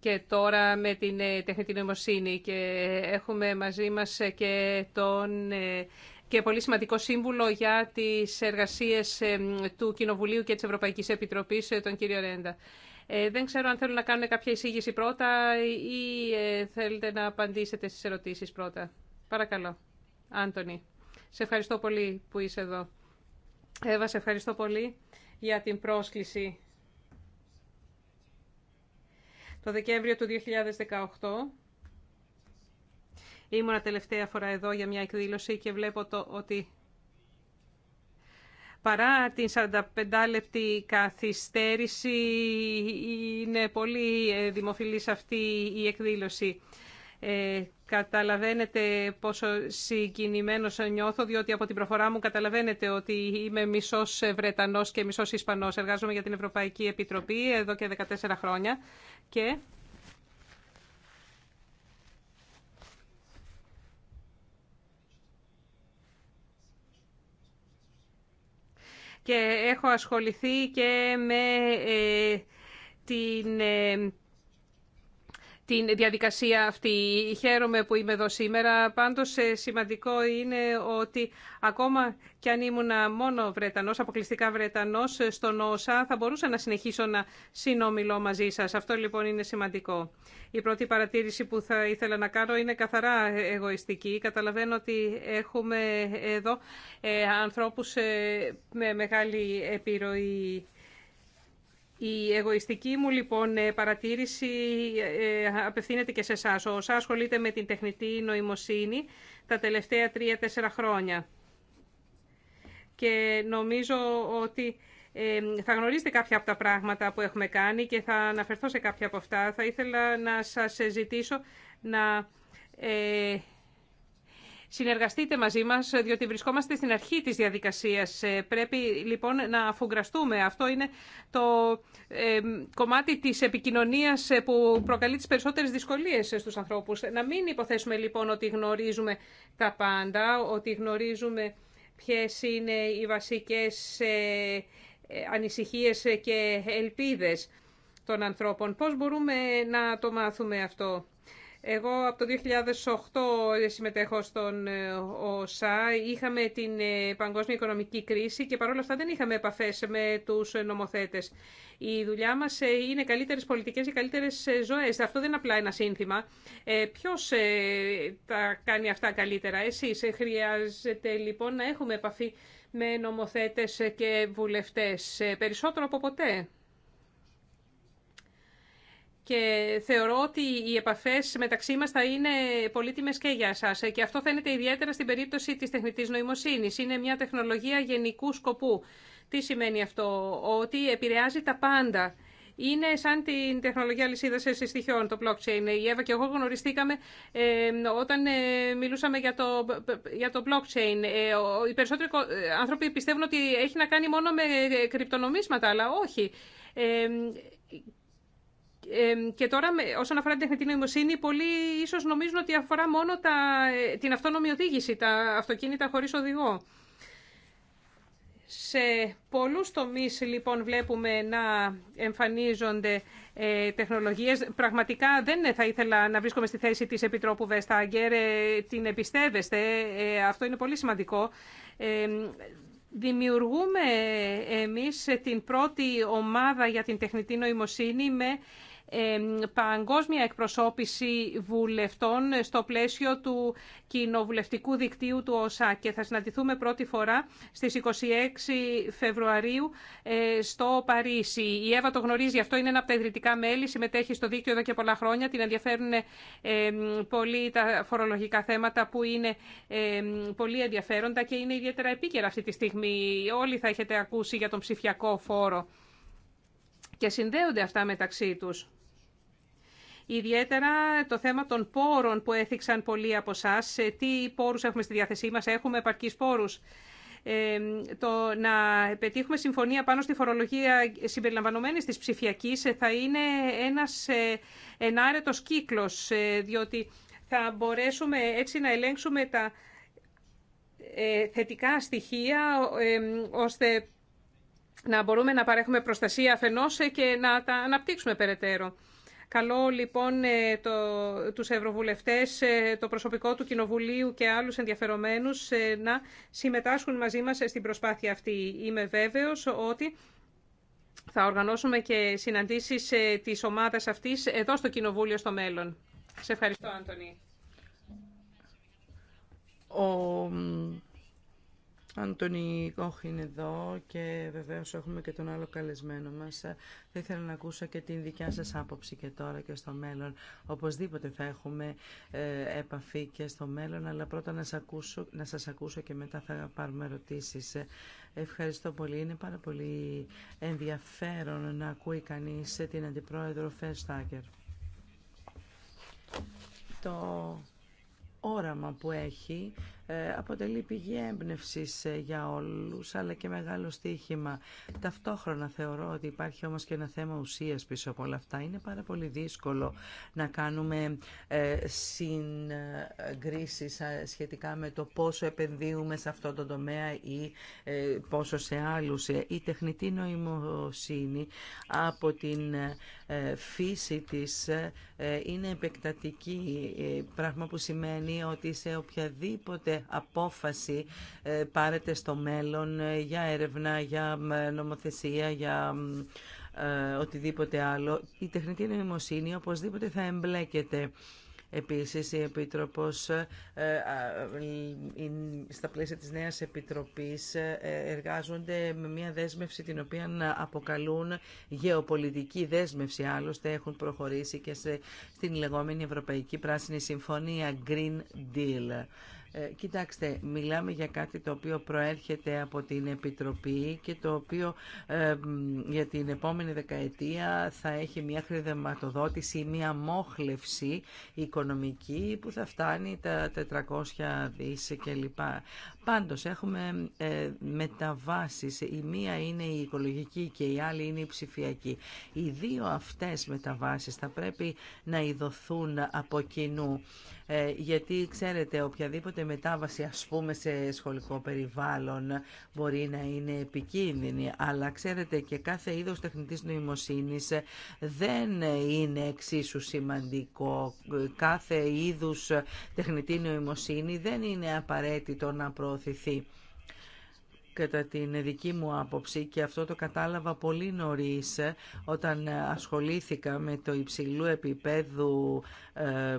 και τώρα με την τεχνητή νοημοσύνη. Και έχουμε μαζί μας και τον και πολύ σημαντικό σύμβουλο για τις εργασίες του Κοινοβουλίου και της Ευρωπαϊκής Επιτροπής, τον κύριο Ρέντα. Ε, δεν ξέρω αν θέλουν να κάνουν κάποια εισήγηση πρώτα ή ε, θέλετε να απαντήσετε στις ερωτήσεις πρώτα. Παρακαλώ. Άντωνη, σε ευχαριστώ πολύ που είσαι εδώ. Εύα, σε ευχαριστώ πολύ για την πρόσκληση. Το Δεκέμβριο του 2018 ήμουνα τελευταία φορά εδώ για μια εκδήλωση και βλέπω το ότι Παρά την 45 λεπτή καθυστέρηση είναι πολύ ε, δημοφιλής αυτή η εκδήλωση. Ε, καταλαβαίνετε πόσο συγκινημένος νιώθω, διότι από την προφορά μου καταλαβαίνετε ότι είμαι μισός Βρετανός και μισός Ισπανός. Εργάζομαι για την Ευρωπαϊκή Επιτροπή εδώ και 14 χρόνια και και έχω ασχοληθεί και με ε, την ε, την διαδικασία αυτή. Χαίρομαι που είμαι εδώ σήμερα. Πάντως ε, σημαντικό είναι ότι ακόμα κι αν ήμουν μόνο Βρετανός, αποκλειστικά Βρετανός, στον ΩΣΑ θα μπορούσα να συνεχίσω να συνομιλώ μαζί σας. Αυτό λοιπόν είναι σημαντικό. Η πρώτη παρατήρηση που θα ήθελα να κάνω είναι καθαρά εγωιστική. Καταλαβαίνω ότι έχουμε εδώ ε, ανθρώπους ε, με μεγάλη επιρροή η εγωιστική μου λοιπόν ε, παρατήρηση ε, απευθύνεται και σε εσά. Ο ασχολείται με την τεχνητή νοημοσύνη τα τελευταία τρία-τέσσερα χρόνια. Και νομίζω ότι ε, θα γνωρίζετε κάποια από τα πράγματα που έχουμε κάνει και θα αναφερθώ σε κάποια από αυτά. Θα ήθελα να σας ζητήσω να Συνεργαστείτε μαζί μα διότι βρισκόμαστε στην αρχή της διαδικασίας. Ε, πρέπει λοιπόν να αφουγκραστούμε. Αυτό είναι το ε, κομμάτι τη επικοινωνία ε, που προκαλεί τι περισσότερε δυσκολίε στου ανθρώπου. Να μην υποθέσουμε λοιπόν ότι γνωρίζουμε τα πάντα, ότι γνωρίζουμε ποιε είναι οι βασικές ανησυχίες και ελπίδες των ανθρώπων. Πώς μπορούμε να το μάθουμε αυτό. Εγώ από το 2008 συμμετέχω στον ε, ΟΣΑ, είχαμε την ε, παγκόσμια οικονομική κρίση και παρόλα αυτά δεν είχαμε επαφές με τους νομοθέτες. Η δουλειά μας ε, είναι καλύτερες πολιτικές και καλύτερες ζωές. Αυτό δεν είναι απλά ένα σύνθημα. Ποιος τα κάνει αυτά καλύτερα, εσείς. Χρειάζεται λοιπόν να έχουμε επαφή με νομοθέτες και βουλευτές περισσότερο από ποτέ και θεωρώ ότι οι επαφέ μεταξύ μα θα είναι πολύτιμε και για εσά. Και αυτό φαίνεται ιδιαίτερα στην περίπτωση τη τεχνητή νοημοσύνης. Είναι μια τεχνολογία γενικού σκοπού. Τι σημαίνει αυτό, ότι επηρεάζει τα πάντα. Είναι σαν την τεχνολογία λυσίδα συστοιχειών, το blockchain. Η Εύα και εγώ γνωριστήκαμε όταν ε, μιλούσαμε για το, για το blockchain. Ε, οι περισσότεροι άνθρωποι πιστεύουν ότι έχει να κάνει μόνο με ε, κρυπτονομίσματα, αλλά όχι και τώρα, όσον αφορά την τεχνητή νοημοσύνη, πολλοί ίσω νομίζουν ότι αφορά μόνο τα, την αυτόνομη οδήγηση, τα αυτοκίνητα χωρί οδηγό. Σε πολλούς τομείς λοιπόν βλέπουμε να εμφανίζονται ε, τεχνολογίες. Πραγματικά δεν θα ήθελα να βρίσκομαι στη θέση της Επιτρόπου Βεστάγκερ. Ε, την εμπιστεύεστε. Ε, αυτό είναι πολύ σημαντικό. Δημιουργούμε εμείς την πρώτη ομάδα για την τεχνητή νοημοσύνη με παγκόσμια εκπροσώπηση βουλευτών στο πλαίσιο του κοινοβουλευτικού δικτύου του ΟΣΑ και θα συναντηθούμε πρώτη φορά στις 26 Φεβρουαρίου ε, στο Παρίσι. Η Εύα το γνωρίζει, αυτό είναι ένα από τα ιδρυτικά μέλη, συμμετέχει στο δίκτυο εδώ και πολλά χρόνια, την ενδιαφέρουν πολύ τα φορολογικά θέματα που είναι πολύ ενδιαφέροντα και είναι ιδιαίτερα επίκαιρα αυτή τη στιγμή. Όλοι θα έχετε ακούσει για τον ψηφιακό φόρο και συνδέονται αυτά μεταξύ τους. Ιδιαίτερα το θέμα των πόρων που έθιξαν πολλοί από εσά. Ε, τι πόρους έχουμε στη διάθεσή μα, έχουμε επαρκείς πόρους. Ε, το να πετύχουμε συμφωνία πάνω στη φορολογία συμπεριλαμβανομένης της ψηφιακής ε, θα είναι ένας ε, ενάρετος κύκλος, διότι θα μπορέσουμε έτσι να ελέγξουμε τα θετικά στοιχεία, ώστε να μπορούμε να παρέχουμε προστασία αφενός και να τα αναπτύξουμε περαιτέρω. Καλό λοιπόν ε, το, τους ευρωβουλευτές, ε, το προσωπικό του Κοινοβουλίου και άλλους ενδιαφερομένους ε, να συμμετάσχουν μαζί μας στην προσπάθεια αυτή. Είμαι βέβαιος ότι θα οργανώσουμε και συναντήσεις της ομάδας αυτής εδώ στο Κοινοβούλιο στο μέλλον. Σε ευχαριστώ, Άντωνη. Αντωνή Κόχ είναι εδώ και βεβαίως έχουμε και τον άλλο καλεσμένο μας. Θα ήθελα να ακούσω και την δικιά σας άποψη και τώρα και στο μέλλον. Οπωσδήποτε θα έχουμε επαφή και στο μέλλον, αλλά πρώτα να σας, ακούσω, να σας ακούσω και μετά θα πάρουμε ερωτήσεις. Ευχαριστώ πολύ. Είναι πάρα πολύ ενδιαφέρον να ακούει κανείς την Αντιπρόεδρο Φερστάκερ. Το όραμα που έχει ε, αποτελεί πηγή έμπνευσης ε, για όλους αλλά και μεγάλο στοίχημα. Ταυτόχρονα θεωρώ ότι υπάρχει όμως και ένα θέμα ουσίας πίσω από όλα αυτά. Είναι πάρα πολύ δύσκολο να κάνουμε ε, συγκρίσεις σχετικά με το πόσο επενδύουμε σε αυτό το τομέα ή πόσο σε άλλους. Η τεχνητή νοημοσύνη από την φύση της είναι επεκτατική, πράγμα που σημαίνει ότι σε οποιαδήποτε απόφαση ε, πάρετε στο μέλλον ε, για έρευνα, για νομοθεσία, για ε, οτιδήποτε άλλο, η τεχνητή νοημοσύνη οπωσδήποτε θα εμπλέκεται. Επίσης, η Επίτροπος, στα πλαίσια της νέας Επιτροπής, εργάζονται με μια δέσμευση την οποία αποκαλούν γεωπολιτική δέσμευση. Άλλωστε, έχουν προχωρήσει και στην λεγόμενη Ευρωπαϊκή Πράσινη Συμφωνία Green Deal. Ε, κοιτάξτε, μιλάμε για κάτι το οποίο προέρχεται από την Επιτροπή και το οποίο ε, για την επόμενη δεκαετία θα έχει μια χρηματοδότηση, μια μόχλευση οικονομική που θα φτάνει τα 400 δις κλπ. Πάντως έχουμε ε, μεταβάσεις. Η μία είναι η οικολογική και η άλλη είναι η ψηφιακή. Οι δύο αυτές μεταβάσεις θα πρέπει να ειδωθούν από κοινού. Ε, γιατί ξέρετε οποιαδήποτε μετάβαση ας πούμε σε σχολικό περιβάλλον μπορεί να είναι επικίνδυνη αλλά ξέρετε και κάθε είδος τεχνητής νοημοσύνης δεν είναι εξίσου σημαντικό. Κάθε είδους τεχνητή νοημοσύνη δεν είναι απαραίτητο να προωθηθεί κατά την δική μου άποψη και αυτό το κατάλαβα πολύ νωρίς ε, όταν ασχολήθηκα με το υψηλού επίπεδου ε,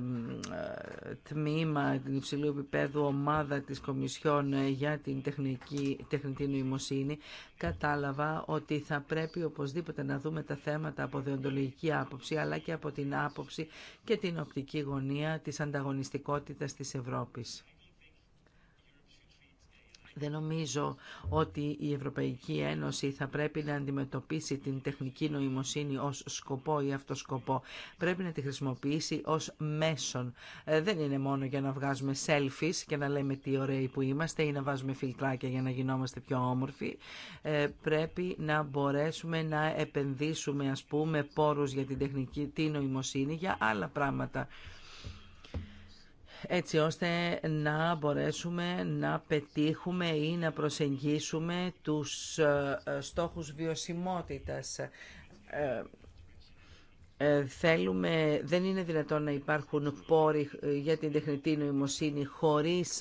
τμήμα, την υψηλού επίπεδου ομάδα της Κομισιόν ε, για την τεχνική, τεχνητή νοημοσύνη, κατάλαβα ότι θα πρέπει οπωσδήποτε να δούμε τα θέματα από δεοντολογική άποψη, αλλά και από την άποψη και την οπτική γωνία της ανταγωνιστικότητας της Ευρώπης. Δεν νομίζω ότι η Ευρωπαϊκή Ένωση θα πρέπει να αντιμετωπίσει την τεχνική νοημοσύνη ως σκοπό ή αυτοσκοπό. Πρέπει να τη χρησιμοποιήσει ως μέσον. Ε, δεν είναι μόνο για να βγάζουμε selfies και να λέμε τι ωραίοι που είμαστε ή να βάζουμε φιλτράκια για να γινόμαστε πιο όμορφοι. Ε, πρέπει να μπορέσουμε να επενδύσουμε ας πούμε πόρους για την τεχνική νοημοσύνη για άλλα πράγματα έτσι ώστε να μπορέσουμε να πετύχουμε ή να προσεγγίσουμε τους ε, ε, στόχους βιωσιμότητας. Ε, θέλουμε, δεν είναι δυνατόν να υπάρχουν πόροι για την τεχνητή νοημοσύνη χωρίς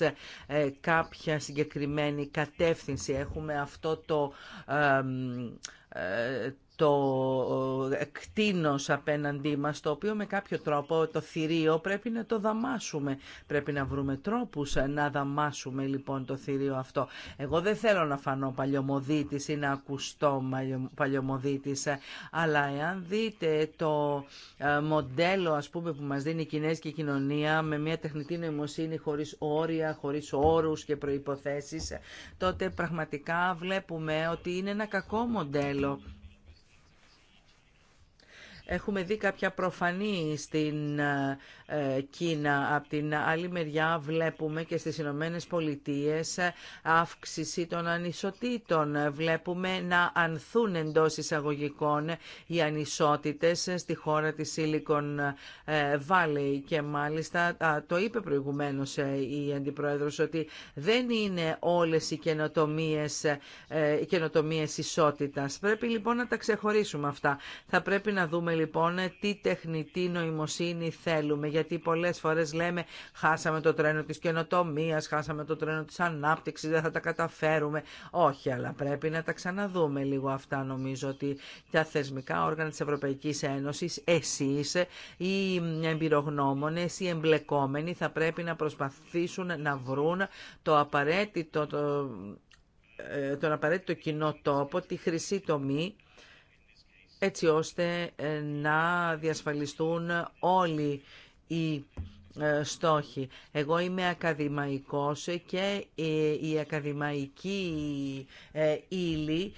κάποια συγκεκριμένη κατεύθυνση. Έχουμε αυτό το το ε, κτίνος απέναντί μας, το οποίο με κάποιο τρόπο το θηρίο πρέπει να το δαμάσουμε. Πρέπει να βρούμε τρόπους ε, να δαμάσουμε λοιπόν το θηρίο αυτό. Εγώ δεν θέλω να φανώ παλιωμοδίτης ή να ακουστώ παλιωμοδίτης, ε, αλλά εάν δείτε το μοντέλο ας πούμε που μας δίνει η κινέζικη κοινωνία με μια τεχνητή νοημοσύνη χωρίς όρια, χωρίς όρους και προϋποθέσεις, τότε πραγματικά βλέπουμε ότι είναι ένα κακό μοντέλο Έχουμε δει κάποια προφανή στην ε, ε, Κίνα. Από την άλλη μεριά βλέπουμε και στις Ηνωμένε Πολιτείες ε, αύξηση των ανισοτήτων. Βλέπουμε να ανθούν εντός εισαγωγικών οι ανισότητες στη χώρα της Silicon Valley. Και μάλιστα το είπε προηγουμένως η Αντιπρόεδρος ότι δεν είναι όλες οι καινοτομίες, οι καινοτομίες ισότητας. Πρέπει λοιπόν να τα ξεχωρίσουμε αυτά. Θα πρέπει να δούμε λοιπόν τι τεχνητή νοημοσύνη θέλουμε, γιατί πολλές φορές λέμε χάσαμε το τρένο της καινοτομία, χάσαμε το τρένο της ανάπτυξης, δεν θα τα καταφέρουμε. Όχι, αλλά πρέπει να τα ξαναδούμε λίγο αυτά. Νομίζω ότι τα θεσμικά όργανα της Ευρωπαϊκής Ένωσης, εσείς, οι εμπειρογνώμονες, οι εμπλεκόμενοι θα πρέπει να προσπαθήσουν να βρουν το απαραίτητο, ε, τον απαραίτητο κοινό τόπο, τη χρυσή τομή, έτσι ώστε ε, να διασφαλιστούν όλοι οι ε, στόχοι. Εγώ είμαι ακαδημαϊκός και ε, η ακαδημαϊκή ύλη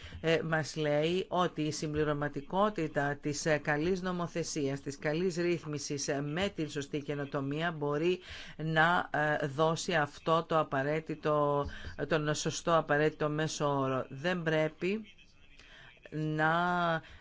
μας λέει ότι η συμπληρωματικότητα της καλής νομοθεσίας, της καλής ρύθμισης με την σωστή καινοτομία μπορεί να δώσει αυτό το απαραίτητο, τον σωστό απαραίτητο μέσο όρο. Δεν πρέπει να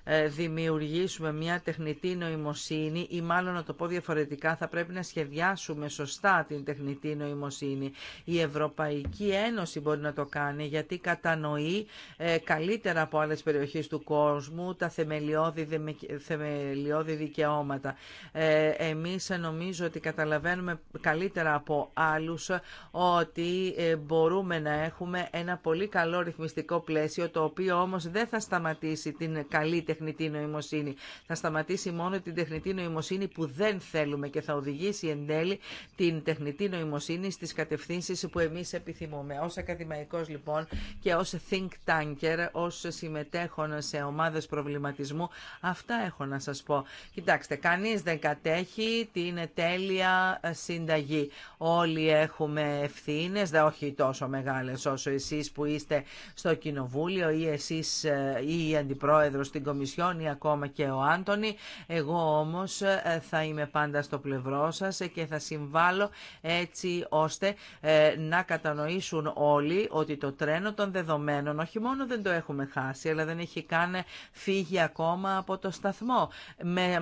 ε, δημιουργήσουμε μια τεχνητή νοημοσύνη ή μάλλον να το πω διαφορετικά θα πρέπει να σχεδιάσουμε σωστά την τεχνητή νοημοσύνη. Η Ευρωπαϊκή Ένωση μπορεί να το κάνει γιατί κατανοεί ε, καλύτερα από άλλες περιοχές του κόσμου τα θεμελιώδη δικαιώματα. Ε, εμείς νομίζω ότι καταλαβαίνουμε καλύτερα από άλλους ότι μπορούμε να έχουμε ένα πολύ καλό ρυθμιστικό πλαίσιο το οποίο όμως δεν θα σταματήσει σταματήσει την καλή τεχνητή νοημοσύνη. Θα σταματήσει μόνο την τεχνητή νοημοσύνη που δεν θέλουμε και θα οδηγήσει εν τέλει την τεχνητή νοημοσύνη στις κατευθύνσεις που εμείς επιθυμούμε. Ως ακαδημαϊκός λοιπόν και ως think tanker, ως συμμετέχον σε ομάδες προβληματισμού, αυτά έχω να σας πω. Κοιτάξτε, κανείς δεν κατέχει την τέλεια συνταγή. Όλοι έχουμε ευθύνες, δεν όχι τόσο μεγάλες όσο εσείς που είστε στο κοινοβούλιο ή εσείς ε, η Αντιπρόεδρος στην Κομισιόν ή ακόμα και ο Άντωνη. Εγώ όμως ε, θα είμαι πάντα στο πλευρό σας και θα συμβάλλω έτσι ώστε ε, να κατανοήσουν όλοι ότι το τρένο των δεδομένων όχι μόνο δεν το έχουμε χάσει, αλλά δεν έχει καν φύγει ακόμα από το σταθμό.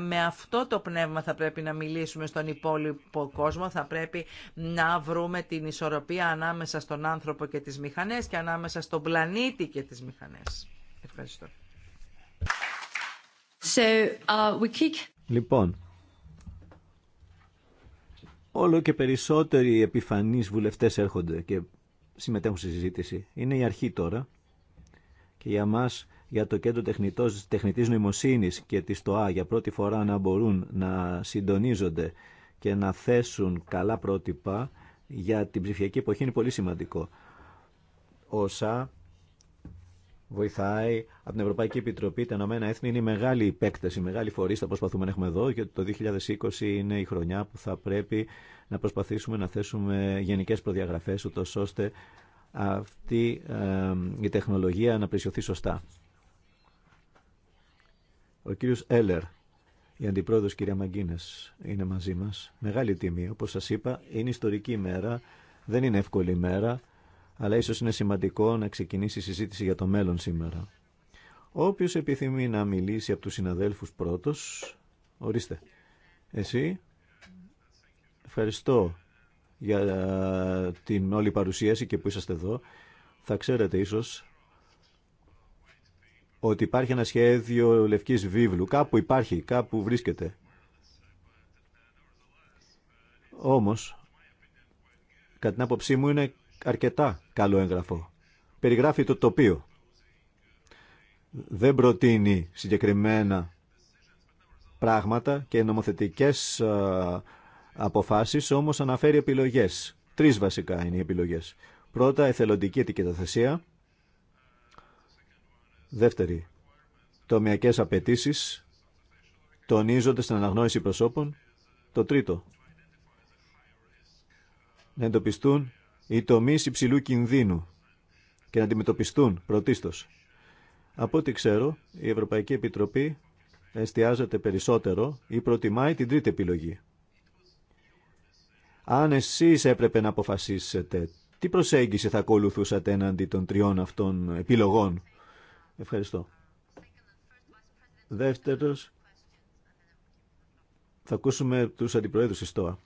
Με, αυτό το πνεύμα θα πρέπει να μιλήσουμε στον υπόλοιπο κόσμο, θα πρέπει να βρούμε την ισορροπία ανάμεσα στον άνθρωπο και τις μηχανές και ανάμεσα στον πλανήτη και τις μηχανές. Uh, λοιπόν, όλο και περισσότεροι επιφανείς βουλευτές έρχονται και συμμετέχουν στη συζήτηση. Είναι η αρχή τώρα και για μας για το Κέντρο Τεχνητός, Τεχνητής Νοημοσύνης και της στοά για πρώτη φορά να μπορούν να συντονίζονται και να θέσουν καλά πρότυπα για την ψηφιακή εποχή είναι πολύ σημαντικό. Όσα βοηθάει από την Ευρωπαϊκή Επιτροπή, τα Ηνωμένα Έθνη είναι η μεγάλη επέκταση, η μεγάλη φορή θα προσπαθούμε να έχουμε εδώ, γιατί το 2020 είναι η χρονιά που θα πρέπει να προσπαθήσουμε να θέσουμε γενικές προδιαγραφές, ούτως ώστε αυτή ε, η τεχνολογία να πλησιωθεί σωστά. Ο κύριος Έλερ, η αντιπρόεδρος κυρία Μαγκίνες, είναι μαζί μας. Μεγάλη τιμή, όπως σας είπα, είναι ιστορική ημέρα, δεν είναι εύκολη ημέρα αλλά ίσως είναι σημαντικό να ξεκινήσει η συζήτηση για το μέλλον σήμερα. Όποιος επιθυμεί να μιλήσει από τους συναδέλφους πρώτος, ορίστε. Εσύ, ευχαριστώ για ε, την όλη παρουσίαση και που είσαστε εδώ. Θα ξέρετε ίσως ότι υπάρχει ένα σχέδιο λευκής βίβλου. Κάπου υπάρχει, κάπου βρίσκεται. Όμως, κατά την άποψή μου είναι αρκετά καλό έγγραφο. Περιγράφει το τοπίο. Δεν προτείνει συγκεκριμένα πράγματα και νομοθετικές αποφάσεις, όμως αναφέρει επιλογές. Τρεις βασικά είναι οι επιλογές. Πρώτα, εθελοντική ετικεταθεσία. Δεύτερη, τομιακές απαιτήσει τονίζονται στην αναγνώριση προσώπων. Το τρίτο, να εντοπιστούν οι τομεί υψηλού κινδύνου και να αντιμετωπιστούν πρωτίστω. Από ό,τι ξέρω, η Ευρωπαϊκή Επιτροπή εστιάζεται περισσότερο ή προτιμάει την τρίτη επιλογή. Αν εσείς έπρεπε να αποφασίσετε, τι προσέγγιση θα ακολουθούσατε έναντι των τριών αυτών επιλογών. Ευχαριστώ. Δεύτερος, θα ακούσουμε τους αντιπροέδρους της ΣΤΟΑ.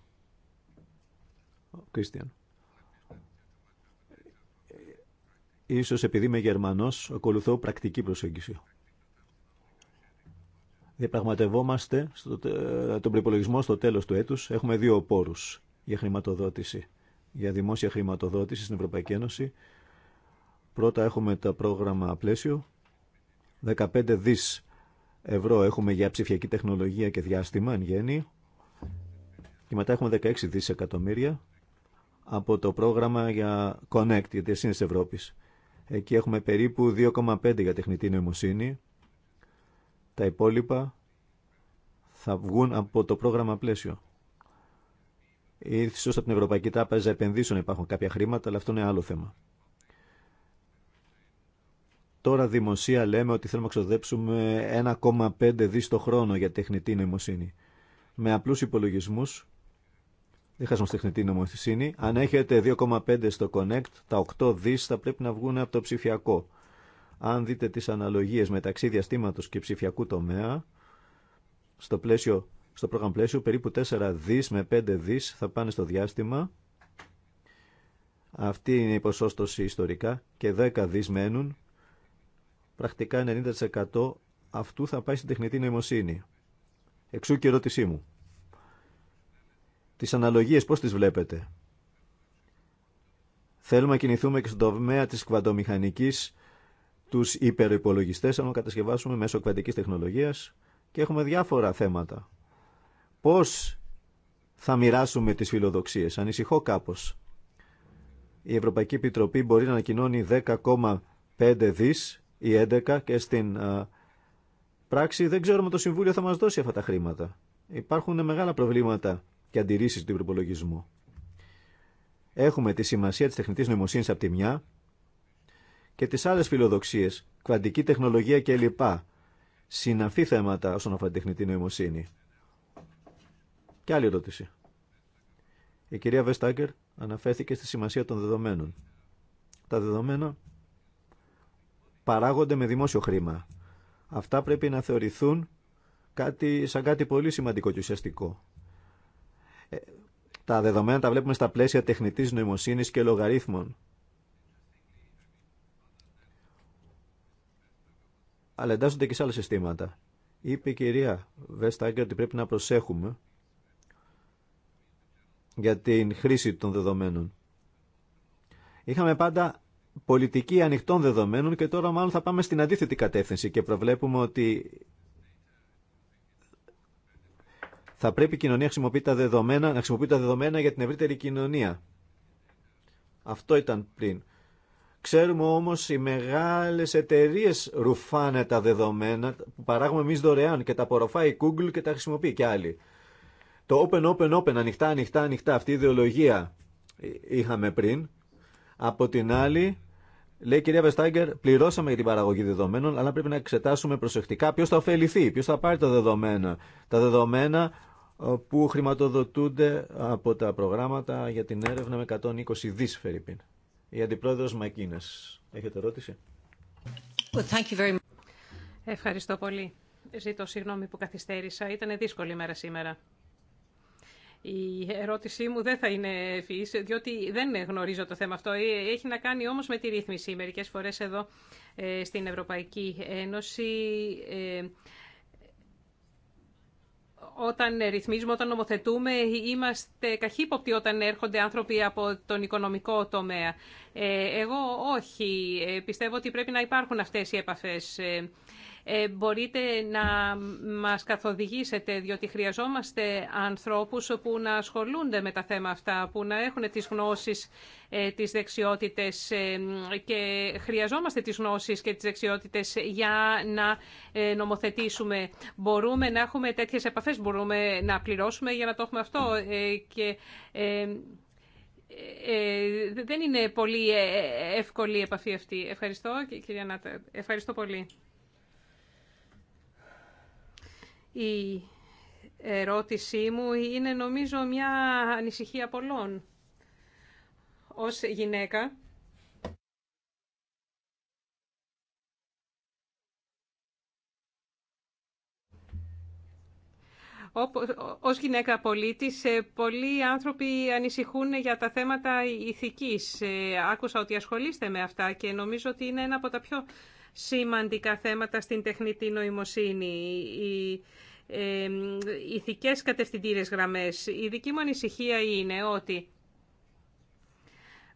Κρίστιαν. Ίσως επειδή είμαι Γερμανός, ακολουθώ πρακτική προσέγγιση. Διαπραγματευόμαστε στο, τον προπολογισμό στο τέλος του έτους. Έχουμε δύο πόρους για χρηματοδότηση, για δημόσια χρηματοδότηση στην Ευρωπαϊκή Ένωση. Πρώτα έχουμε το πρόγραμμα πλαίσιο. 15 δις ευρώ έχουμε για ψηφιακή τεχνολογία και διάστημα εν γέννη. Και μετά έχουμε 16 δισεκατομμύρια από το πρόγραμμα για Connect, για τη Ευρώπης. Εκεί έχουμε περίπου 2,5 για τεχνητή νοημοσύνη. Τα υπόλοιπα θα βγουν από το πρόγραμμα πλαίσιο. Ίσως από την Ευρωπαϊκή Τράπεζα επενδύσεων υπάρχουν κάποια χρήματα, αλλά αυτό είναι άλλο θέμα. Τώρα δημοσία λέμε ότι θέλουμε να ξοδέψουμε 1,5 δις το χρόνο για τεχνητή νοημοσύνη. Με απλούς υπολογισμούς δεν χάσαμε στη τεχνητή νομοθεσίνη. Αν έχετε 2,5 στο Connect, τα 8 δις θα πρέπει να βγουν από το ψηφιακό. Αν δείτε τις αναλογίες μεταξύ διαστήματος και ψηφιακού τομέα, στο, πλαίσιο, στο πρόγραμμα πλαίσιο περίπου 4 δις με 5 δις θα πάνε στο διάστημα. Αυτή είναι η ποσόστοση ιστορικά και 10 δις μένουν. Πρακτικά 90% αυτού θα πάει στην τεχνητή νοημοσύνη. Εξού και ερώτησή μου. Τις αναλογίες πώς τις βλέπετε. Θέλουμε να κινηθούμε και στον τομέα της κβαντομηχανικής τους υπεροϋπολογιστές αν κατασκευάσουμε μέσω κβαντικής τεχνολογίας και έχουμε διάφορα θέματα. Πώς θα μοιράσουμε τις φιλοδοξίες. Ανησυχώ κάπως. Η Ευρωπαϊκή Επιτροπή μπορεί να ανακοινώνει 10,5 δις ή 11 και στην πράξη δεν ξέρουμε το Συμβούλιο θα μας δώσει αυτά τα χρήματα. Υπάρχουν μεγάλα προβλήματα και αντιρρήσει του προπολογισμού. Έχουμε τη σημασία τη τεχνητής νοημοσύνη από τη μια και τι άλλε φιλοδοξίε, κβαντική τεχνολογία κλπ. Συναφή θέματα όσον αφορά την τεχνητή νοημοσύνη. Και άλλη ερώτηση. Η κυρία Βεστάγκερ αναφέρθηκε στη σημασία των δεδομένων. Τα δεδομένα παράγονται με δημόσιο χρήμα. Αυτά πρέπει να θεωρηθούν κάτι, σαν κάτι πολύ σημαντικό και ουσιαστικό. Τα δεδομένα τα βλέπουμε στα πλαίσια τεχνητής νοημοσύνης και λογαρίθμων. Αλλά εντάσσονται και σε άλλα συστήματα. Είπε η κυρία Βεστάγκερ ότι πρέπει να προσέχουμε για την χρήση των δεδομένων. Είχαμε πάντα πολιτική ανοιχτών δεδομένων και τώρα μάλλον θα πάμε στην αντίθετη κατεύθυνση και προβλέπουμε ότι Θα πρέπει η κοινωνία χρησιμοποιεί τα δεδομένα, να χρησιμοποιεί τα δεδομένα για την ευρύτερη κοινωνία. Αυτό ήταν πριν. Ξέρουμε όμως οι μεγάλες εταιρείες ρουφάνε τα δεδομένα που παράγουμε εμείς δωρεάν και τα απορροφάει η Google και τα χρησιμοποιεί και άλλοι. Το open, open, open, ανοιχτά, ανοιχτά, ανοιχτά, αυτή η ιδεολογία είχαμε πριν. Από την άλλη, λέει η κυρία Βεστάγκερ, πληρώσαμε για την παραγωγή δεδομένων, αλλά πρέπει να εξετάσουμε προσεκτικά ποιο θα ωφεληθεί, ποιο θα πάρει τα δεδομένα. Τα δεδομένα ε, που χρηματοδοτούνται από τα προγράμματα για την έρευνα με 120 δις Φερρυπίν. Η Αντιπρόεδρος Μακίνας. Έχετε ερώτηση? thank you very much. Ευχαριστώ πολύ. Ζήτω συγγνώμη που καθυστέρησα. Ήταν δύσκολη μέρα σήμερα. Η ερώτησή μου δεν θα είναι ευφυής, διότι δεν γνωρίζω το θέμα αυτό. Ε, έχει να κάνει όμως με τη ρύθμιση. Μερικές φορές εδώ ε, στην Ευρωπαϊκή Ένωση όταν ρυθμίζουμε, όταν νομοθετούμε, είμαστε καχύποπτοι όταν έρχονται άνθρωποι από τον οικονομικό τομέα. Ε, εγώ όχι. Ε, πιστεύω ότι πρέπει να υπάρχουν αυτές οι επαφές. Ε, ε, μπορείτε να μας καθοδηγήσετε, διότι χρειαζόμαστε ανθρώπους που να ασχολούνται με τα θέματα αυτά, που να έχουν τις γνώσεις, ε, τις δεξιότητες ε, και χρειαζόμαστε τις γνώσεις και τις δεξιότητες για να νομοθετήσουμε. Μπορούμε να έχουμε τέτοιες επαφές, μπορούμε να πληρώσουμε για να το έχουμε αυτό και... Ε, δεν είναι πολύ εύκολη η επαφή αυτή. Ευχαριστώ, κυρία Νάτα. Ευχαριστώ πολύ. Η ερώτησή μου είναι νομίζω μια ανησυχία πολλών. Ως γυναίκα, Ως γυναίκα πολίτης, ε, πολλοί άνθρωποι ανησυχούν για τα θέματα ηθικής. Ε, άκουσα ότι ασχολείστε με αυτά και νομίζω ότι είναι ένα από τα πιο σημαντικά θέματα στην τεχνητή νοημοσύνη, οι ε, ηθικές κατευθυντήρες γραμμές. Η δική μου ανησυχία είναι ότι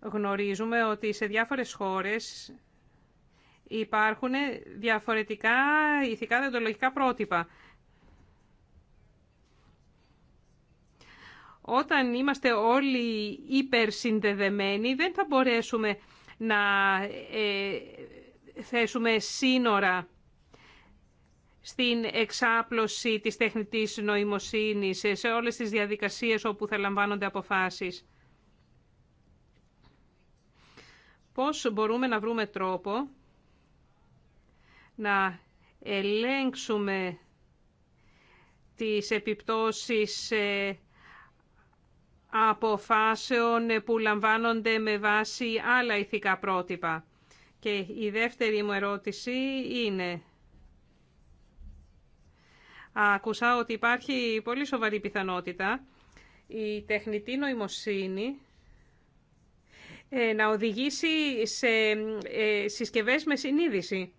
γνωρίζουμε ότι σε διάφορες χώρες υπάρχουν διαφορετικά ηθικά δεντολογικά πρότυπα. Όταν είμαστε όλοι υπερσυνδεδεμένοι δεν θα μπορέσουμε να ε, θέσουμε σύνορα στην εξάπλωση της τεχνητής νοημοσύνης, σε όλες τις διαδικασίες όπου θα λαμβάνονται αποφάσεις. Πώς μπορούμε να βρούμε τρόπο να ελέγξουμε τις επιπτώσεις ε, αποφάσεων που λαμβάνονται με βάση άλλα ηθικά πρότυπα. Και η δεύτερη μου ερώτηση είναι... Ακούσα ότι υπάρχει πολύ σοβαρή πιθανότητα η τεχνητή νοημοσύνη ε, να οδηγήσει σε ε, συσκευές με συνείδηση.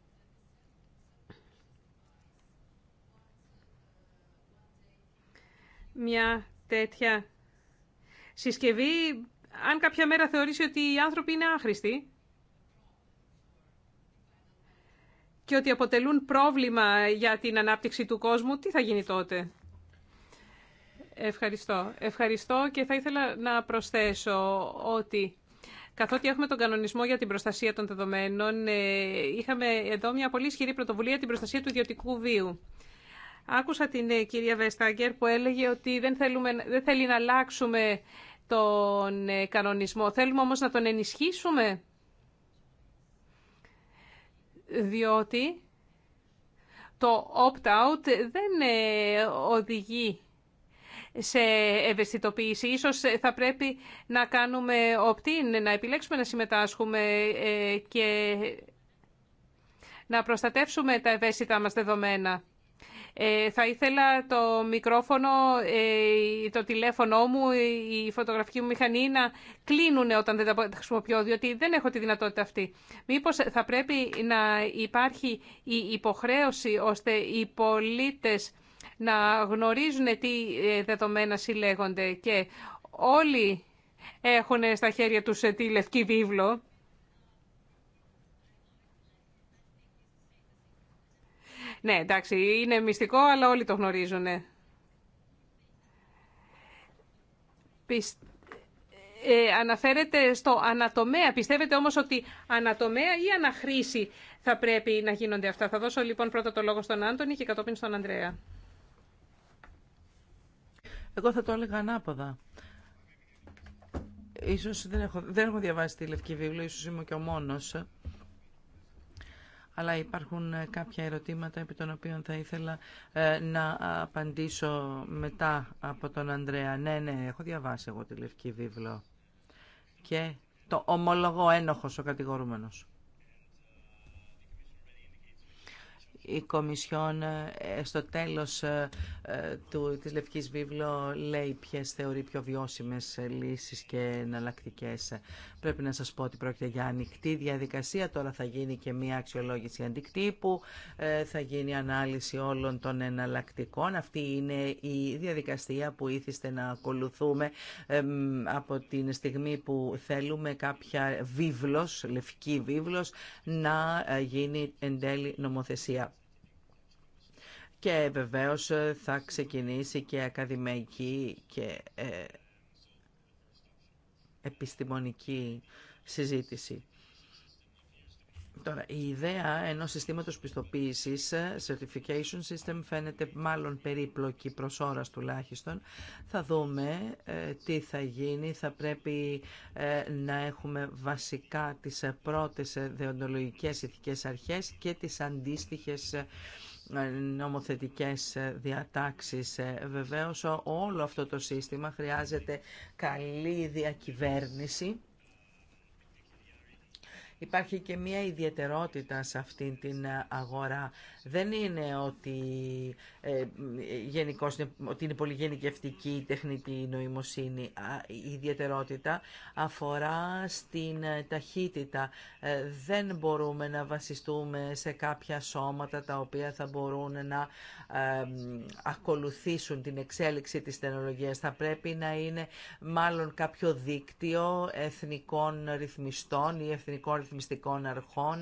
Μια τέτοια συσκευή, αν κάποια μέρα θεωρήσει ότι οι άνθρωποι είναι άχρηστοι, και ότι αποτελούν πρόβλημα για την ανάπτυξη του κόσμου, τι θα γίνει τότε. Ευχαριστώ. Ευχαριστώ και θα ήθελα να προσθέσω ότι καθότι έχουμε τον κανονισμό για την προστασία των δεδομένων, ε, είχαμε εδώ μια πολύ ισχυρή πρωτοβουλία την προστασία του ιδιωτικού βίου. Άκουσα την ε, κυρία Βεστάγκερ που έλεγε ότι δεν, θέλουμε, δεν θέλει να αλλάξουμε τον ε, κανονισμό. Θέλουμε όμως να τον ενισχύσουμε διότι το opt-out δεν ε, οδηγεί σε ευαισθητοποίηση. Ίσως θα πρέπει να κάνουμε opt-in, να επιλέξουμε να συμμετάσχουμε ε, και να προστατεύσουμε τα ευαίσθητά μας δεδομένα. Ε, θα ήθελα το μικρόφωνο, ε, το τηλέφωνο μου, η φωτογραφική μου μηχανή να κλείνουν όταν δεν τα χρησιμοποιώ, διότι δεν έχω τη δυνατότητα αυτή. Μήπως θα πρέπει να υπάρχει η υποχρέωση ώστε οι πολίτες να γνωρίζουν τι ε, δεδομένα συλλέγονται και όλοι έχουν στα χέρια τους τη λευκή βίβλο Ναι, εντάξει, είναι μυστικό, αλλά όλοι το γνωρίζουν. Ε, αναφέρεται στο ανατομέα. Πιστεύετε όμως ότι ανατομέα ή αναχρήση θα πρέπει να γίνονται αυτά. Θα δώσω λοιπόν πρώτα το λόγο στον Άντωνη και κατόπιν στον Ανδρέα. Εγώ θα το έλεγα ανάποδα. Ίσως δεν έχω, δεν έχω διαβάσει τη Λευκή Βίβλο, ίσως είμαι και ο μόνος αλλά υπάρχουν ε, κάποια ερωτήματα επί των οποίων θα ήθελα ε, να απαντήσω μετά από τον Ανδρέα. Ναι, ναι, έχω διαβάσει εγώ τη Λευκή Βίβλο και το ομολογώ ένοχος ο κατηγορούμενος. η Κομισιόν ε, στο τέλος του, της Λευκής Βίβλο λέει ποιες θεωρεί πιο βιώσιμες λύσεις και εναλλακτικέ. Πρέπει να σας πω ότι πρόκειται για ανοιχτή διαδικασία. Τώρα θα γίνει και μία αξιολόγηση αντικτύπου, ε, θα γίνει ανάλυση όλων των εναλλακτικών. Αυτή είναι η διαδικασία που ήθιστε να ακολουθούμε από την στιγμή που θέλουμε κάποια βίβλος, λευκή βίβλος, να ε, γίνει εν τέλει νομοθεσία. Και βεβαίως ε, θα ξεκινήσει και ακαδημαϊκή και επιστημονική συζήτηση. Τώρα, η ιδέα ενός συστήματος πιστοποίησης, certification system, φαίνεται μάλλον περίπλοκη προς ώρας τουλάχιστον. Θα δούμε ε, τι θα γίνει. Θα πρέπει ε, να έχουμε βασικά τις πρώτες δεοντολογικές ηθικές αρχές και τις αντίστοιχες ε, νομοθετικές διατάξεις. Ε, βεβαίως όλο αυτό το σύστημα χρειάζεται καλή διακυβέρνηση Υπάρχει και μία ιδιαιτερότητα σε αυτήν την ε, αγορά. Δεν είναι ότι, ε, είναι πολύ ότι είναι η τεχνητή νοημοσύνη. Η ιδιαιτερότητα αφορά στην ε, ταχύτητα. δεν μπορούμε να βασιστούμε σε κάποια σώματα τα οποία θα μπορούν να ακολουθήσουν την εξέλιξη της τεχνολογίας. Θα πρέπει να είναι μάλλον κάποιο δίκτυο εθνικών ρυθμιστών ή εθνικών ρυθμιστικών αρχών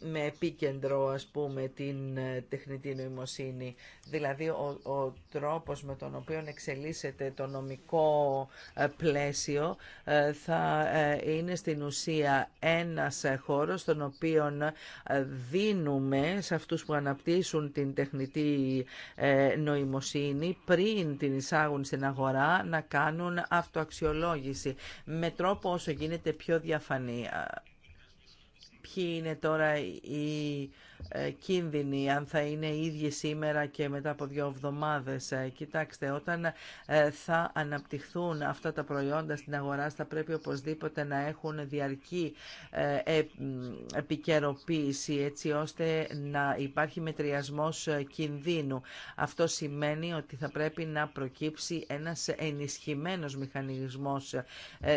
με επίκεντρο ας πούμε την ε, τεχνητή νοημοσύνη. Δηλαδή ο, ο τρόπος με τον οποίο εξελίσσεται το νομικό ε, πλαίσιο ε, θα είναι στην ουσία ένας χώρος στον οποίο δίνουμε σε αυτούς που αναπτύσσουν την τεχνητή νοημοσύνη πριν την εισάγουν στην αγορά να κάνουν αυτοαξιολόγηση με τρόπο όσο γίνεται πιο διαφανή ποιοι είναι τώρα οι ε, κίνδυνοι, αν θα είναι οι ίδιοι σήμερα και μετά από δύο εβδομάδες. Ε, κοιτάξτε, όταν ε, θα αναπτυχθούν αυτά τα προϊόντα στην αγορά, θα πρέπει οπωσδήποτε να έχουν διαρκή επικαιροποίηση, έτσι ώστε να υπάρχει μετριασμός κινδύνου. Αυτό σημαίνει ότι θα πρέπει να προκύψει ένας ενισχυμένος μηχανισμός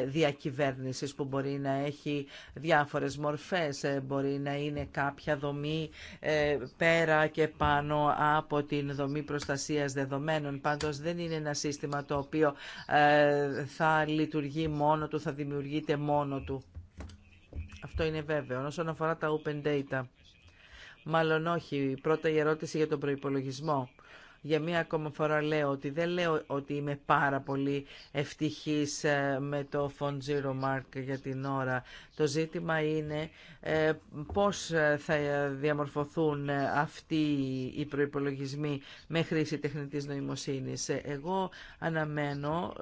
διακυβέρνησης που μπορεί να έχει διάφορες μορφές, μπορεί να είναι κάποια δομή ε, πέρα και πάνω από την δομή προστασίας δεδομένων. Πάντως δεν είναι ένα σύστημα το οποίο ε, θα λειτουργεί μόνο του, θα δημιουργείται μόνο του. Αυτό είναι βέβαιο. Όσον αφορά τα open data, μάλλον όχι. Πρώτα η ερώτηση για τον προϋπολογισμό. Για μία ακόμα φορά λέω ότι δεν λέω ότι είμαι πάρα πολύ ευτυχής ε, με το Fond Zero Mark για την ώρα. Το ζήτημα είναι ε, πώς ε, θα διαμορφωθούν ε, αυτοί οι προϋπολογισμοί με χρήση τεχνητής νοημοσύνης. Εγώ αναμένω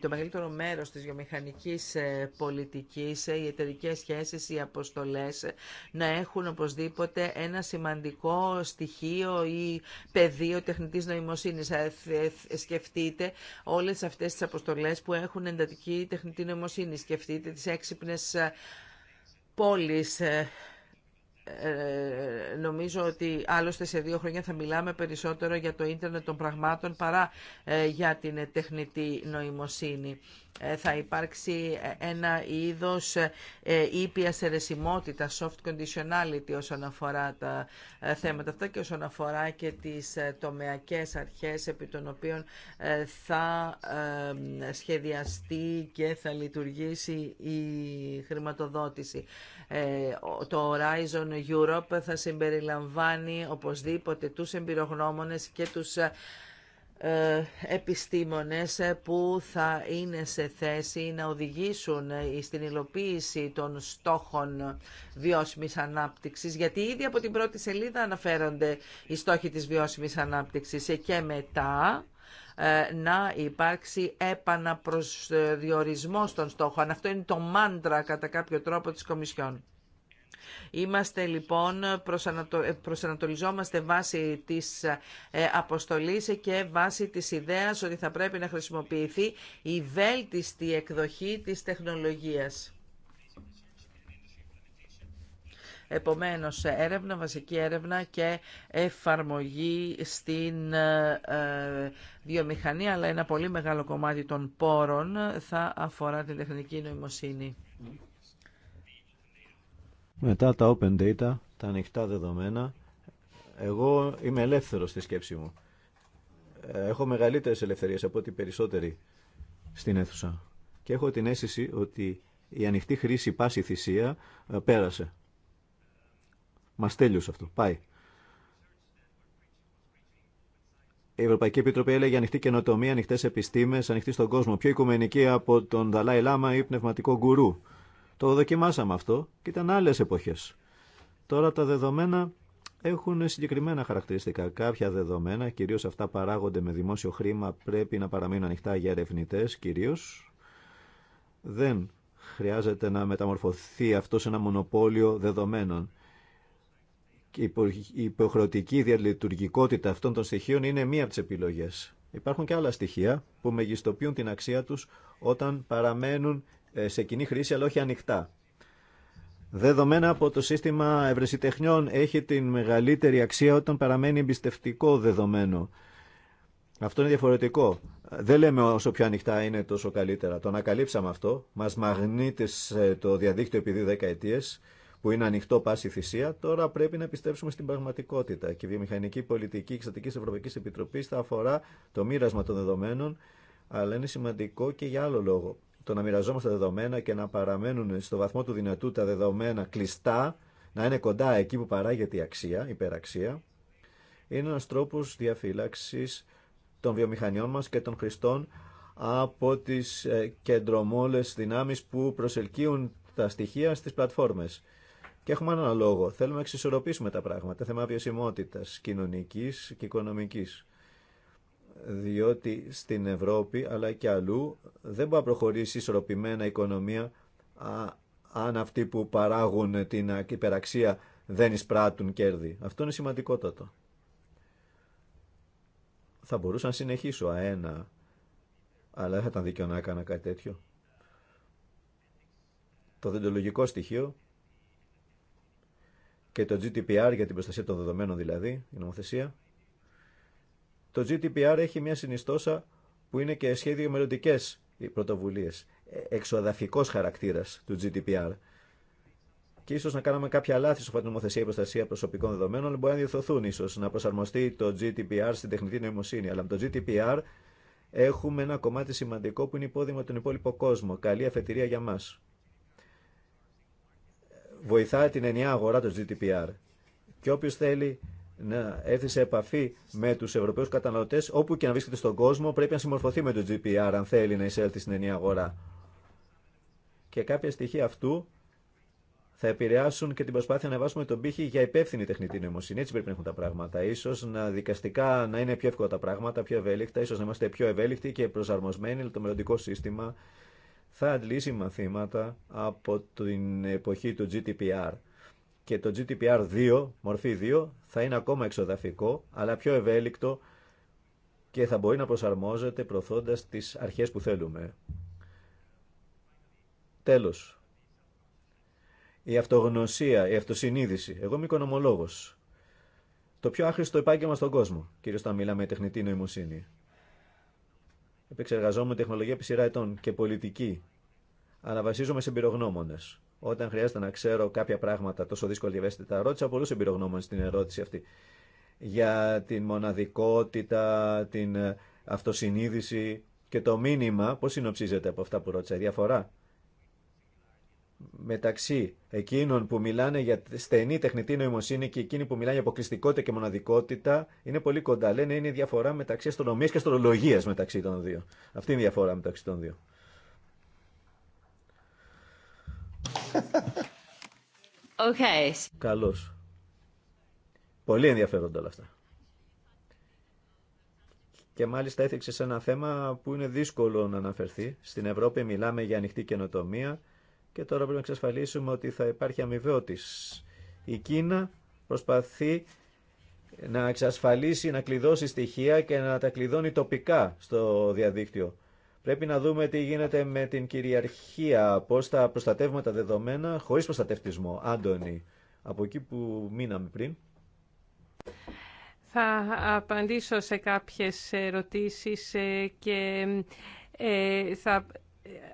το μεγαλύτερο μέρος της βιομηχανικής πολιτικής, οι εταιρικέ σχέσεις, οι αποστολές να έχουν οπωσδήποτε ένα σημαντικό στοιχείο ή πεδίο τεχνητής νοημοσύνης. Σκεφτείτε όλες αυτές τις αποστολές που έχουν εντατική τεχνητή νοημοσύνη. Σκεφτείτε τις έξυπνες τις ε, πόλεις ε, ε, νομίζω ότι άλλωστε σε δύο χρόνια θα μιλάμε περισσότερο για το ίντερνετ των πραγμάτων παρά για την τεχνητή νοημοσύνη. Ε, θα υπάρξει ε, ένα είδος ε, ήπια αιρεσιμότητα, soft conditionality όσον αφορά τα θέματα αυτά και όσον αφορά και τις τομεακές αρχές επί των οποίων θα σχεδιαστεί και θα λειτουργήσει η χρηματοδότηση. Το Horizon Europe θα συμπεριλαμβάνει οπωσδήποτε τους εμπειρογνώμονες και τους ε, επιστήμονες που θα είναι σε θέση να οδηγήσουν ε, στην υλοποίηση των στόχων βιώσιμης ανάπτυξης, γιατί ήδη από την πρώτη σελίδα αναφέρονται οι στόχοι της βιώσιμης ανάπτυξης ε, και μετά να υπάρξει επαναπροσδιορισμός των στόχων. Αυτό είναι το μάντρα κατά κάποιο τρόπο της Κομισιόν. Είμαστε λοιπόν, ε, προσανατολιζόμαστε βάσει της ε, αποστολής και βάσει της ιδέας ότι θα πρέπει να χρησιμοποιηθεί η βέλτιστη εκδοχή της τεχνολογίας. Επομένως, έρευνα, βασική έρευνα και εφαρμογή στην ε, ε βιομηχανία, αλλά ένα πολύ μεγάλο κομμάτι των πόρων θα αφορά την τεχνική νοημοσύνη. Μετά τα open data, τα ανοιχτά δεδομένα, εγώ είμαι ελεύθερος στη σκέψη μου. Έχω μεγαλύτερες ελευθερίες από ό,τι περισσότεροι στην αίθουσα. Και έχω την αίσθηση ότι η ανοιχτή χρήση πάση θυσία ε, πέρασε. Μα τέλειωσε αυτό. Πάει. Η Ευρωπαϊκή Επιτροπή έλεγε ανοιχτή καινοτομία, ανοιχτέ επιστήμε, ανοιχτή στον κόσμο. Πιο οικουμενική από τον Δαλάη Λάμα ή πνευματικό γκουρού. Το δοκιμάσαμε αυτό και ήταν άλλε εποχέ. Τώρα τα δεδομένα έχουν συγκεκριμένα χαρακτηριστικά. Κάποια δεδομένα, κυρίω αυτά παράγονται με δημόσιο χρήμα, πρέπει να παραμείνουν ανοιχτά για ερευνητέ, κυρίω. Δεν χρειάζεται να μεταμορφωθεί αυτό σε ένα μονοπόλιο δεδομένων. Η υποχρεωτική διαλειτουργικότητα αυτών των στοιχείων είναι μία από τι επιλογέ. Υπάρχουν και άλλα στοιχεία που μεγιστοποιούν την αξία τους όταν παραμένουν ε, σε κοινή χρήση αλλά όχι ανοιχτά. Δεδομένα από το σύστημα ευρεσιτεχνιών έχει την μεγαλύτερη αξία όταν παραμένει εμπιστευτικό δεδομένο. Αυτό είναι διαφορετικό. Δεν λέμε όσο πιο ανοιχτά είναι τόσο καλύτερα. Το ανακαλύψαμε αυτό. Μας μαγνήτησε το διαδίκτυο επειδή δεκαετίες που είναι ανοιχτό πάση θυσία, τώρα πρέπει να πιστέψουμε στην πραγματικότητα. Και η βιομηχανική πολιτική εξωτική Ευρωπαϊκή Επιτροπή θα αφορά το μοίρασμα των δεδομένων, αλλά είναι σημαντικό και για άλλο λόγο το να μοιραζόμαστε δεδομένα και να παραμένουν στο βαθμό του δυνατού τα δεδομένα κλειστά, να είναι κοντά εκεί που παράγεται η αξία, η υπεραξία, είναι ένας τρόπος διαφύλαξης των βιομηχανιών μας και των χρηστών από τις ε, κεντρομόλες δυνάμεις που προσελκύουν τα στοιχεία στις πλατφόρμες. Και έχουμε έναν λόγο. Θέλουμε να εξισορροπήσουμε τα πράγματα. Θέμα βιωσιμότητας κοινωνική και οικονομικής διότι στην Ευρώπη αλλά και αλλού δεν μπορεί να προχωρήσει ισορροπημένα οικονομία αν αυτοί που παράγουν την υπεραξία δεν εισπράττουν κέρδη. Αυτό είναι σημαντικότατο. Θα μπορούσα να συνεχίσω αένα, αλλά δεν θα ήταν δίκαιο να έκανα κάτι τέτοιο. Το δεντολογικό στοιχείο και το GDPR για την προστασία των δεδομένων δηλαδή, η νομοθεσία, το GDPR έχει μια συνιστόσα που είναι και σχέδιο μελλοντικέ πρωτοβουλίε. Ε, Εξοδαφικό χαρακτήρα του GDPR. Και ίσω να κάναμε κάποια λάθη σε την νομοθεσία προστασία προσωπικών δεδομένων, αλλά μπορεί να διορθωθούν ίσω, να προσαρμοστεί το GDPR στην τεχνητή νοημοσύνη. Αλλά με το GDPR έχουμε ένα κομμάτι σημαντικό που είναι υπόδειγμα τον υπόλοιπο κόσμο. Καλή αφετηρία για μα. Βοηθάει την ενιαία αγορά το GDPR. Και όποιο θέλει να έρθει σε επαφή με του Ευρωπαίου καταναλωτέ όπου και να βρίσκεται στον κόσμο. Πρέπει να συμμορφωθεί με το GPR αν θέλει να εισέλθει στην ενιαία αγορά. Και κάποια στοιχεία αυτού θα επηρεάσουν και την προσπάθεια να βάσουμε τον πύχη για υπεύθυνη τεχνητή νοημοσύνη. Έτσι πρέπει να έχουν τα πράγματα. σω να δικαστικά να είναι πιο εύκολα τα πράγματα, πιο ευέλικτα, ίσω να είμαστε πιο ευέλικτοι και προσαρμοσμένοι. Το μελλοντικό σύστημα θα αντλήσει μαθήματα από την εποχή του GDPR και το GDPR 2, μορφή 2, θα είναι ακόμα εξοδαφικό, αλλά πιο ευέλικτο και θα μπορεί να προσαρμόζεται προθώντας τις αρχές που θέλουμε. Τέλος. Η αυτογνωσία, η αυτοσυνείδηση. Εγώ είμαι οικονομολόγος. Το πιο άχρηστο επάγγελμα στον κόσμο, κυρίως όταν μιλάμε για τεχνητή νοημοσύνη. Επεξεργαζόμουν τεχνολογία επί σειρά ετών και πολιτική, αλλά βασίζομαι σε εμπειρογνώμονες. Όταν χρειάζεται να ξέρω κάποια πράγματα τόσο δύσκολα και ευαίσθητα, ρώτησα πολλού εμπειρογνώμων στην ερώτηση αυτή. Για την μοναδικότητα, την ε, αυτοσυνείδηση και το μήνυμα, πώς συνοψίζεται από αυτά που ρώτησα, η διαφορά μεταξύ εκείνων που μιλάνε για στενή τεχνητή νοημοσύνη και εκείνοι που μιλάνε για αποκλειστικότητα και μοναδικότητα είναι πολύ κοντά. Λένε είναι η διαφορά μεταξύ αστρονομίας και αστρολογίας μεταξύ των δύο. Αυτή είναι η διαφορά μεταξύ των δύο. Okay. Καλώς. Πολύ ενδιαφέροντα όλα αυτά. Και μάλιστα έθιξε σε ένα θέμα που είναι δύσκολο να αναφερθεί. Στην Ευρώπη μιλάμε για ανοιχτή καινοτομία και τώρα πρέπει να εξασφαλίσουμε ότι θα υπάρχει αμοιβαιότης. Η Κίνα προσπαθεί να εξασφαλίσει, να κλειδώσει στοιχεία και να τα κλειδώνει τοπικά στο διαδίκτυο. Πρέπει να δούμε τι γίνεται με την κυριαρχία, πώς θα προστατεύουμε τα δεδομένα χωρίς προστατευτισμό. Άντωνη, από εκεί που μείναμε πριν. Θα απαντήσω σε κάποιες ερωτήσεις ε, και ε, θα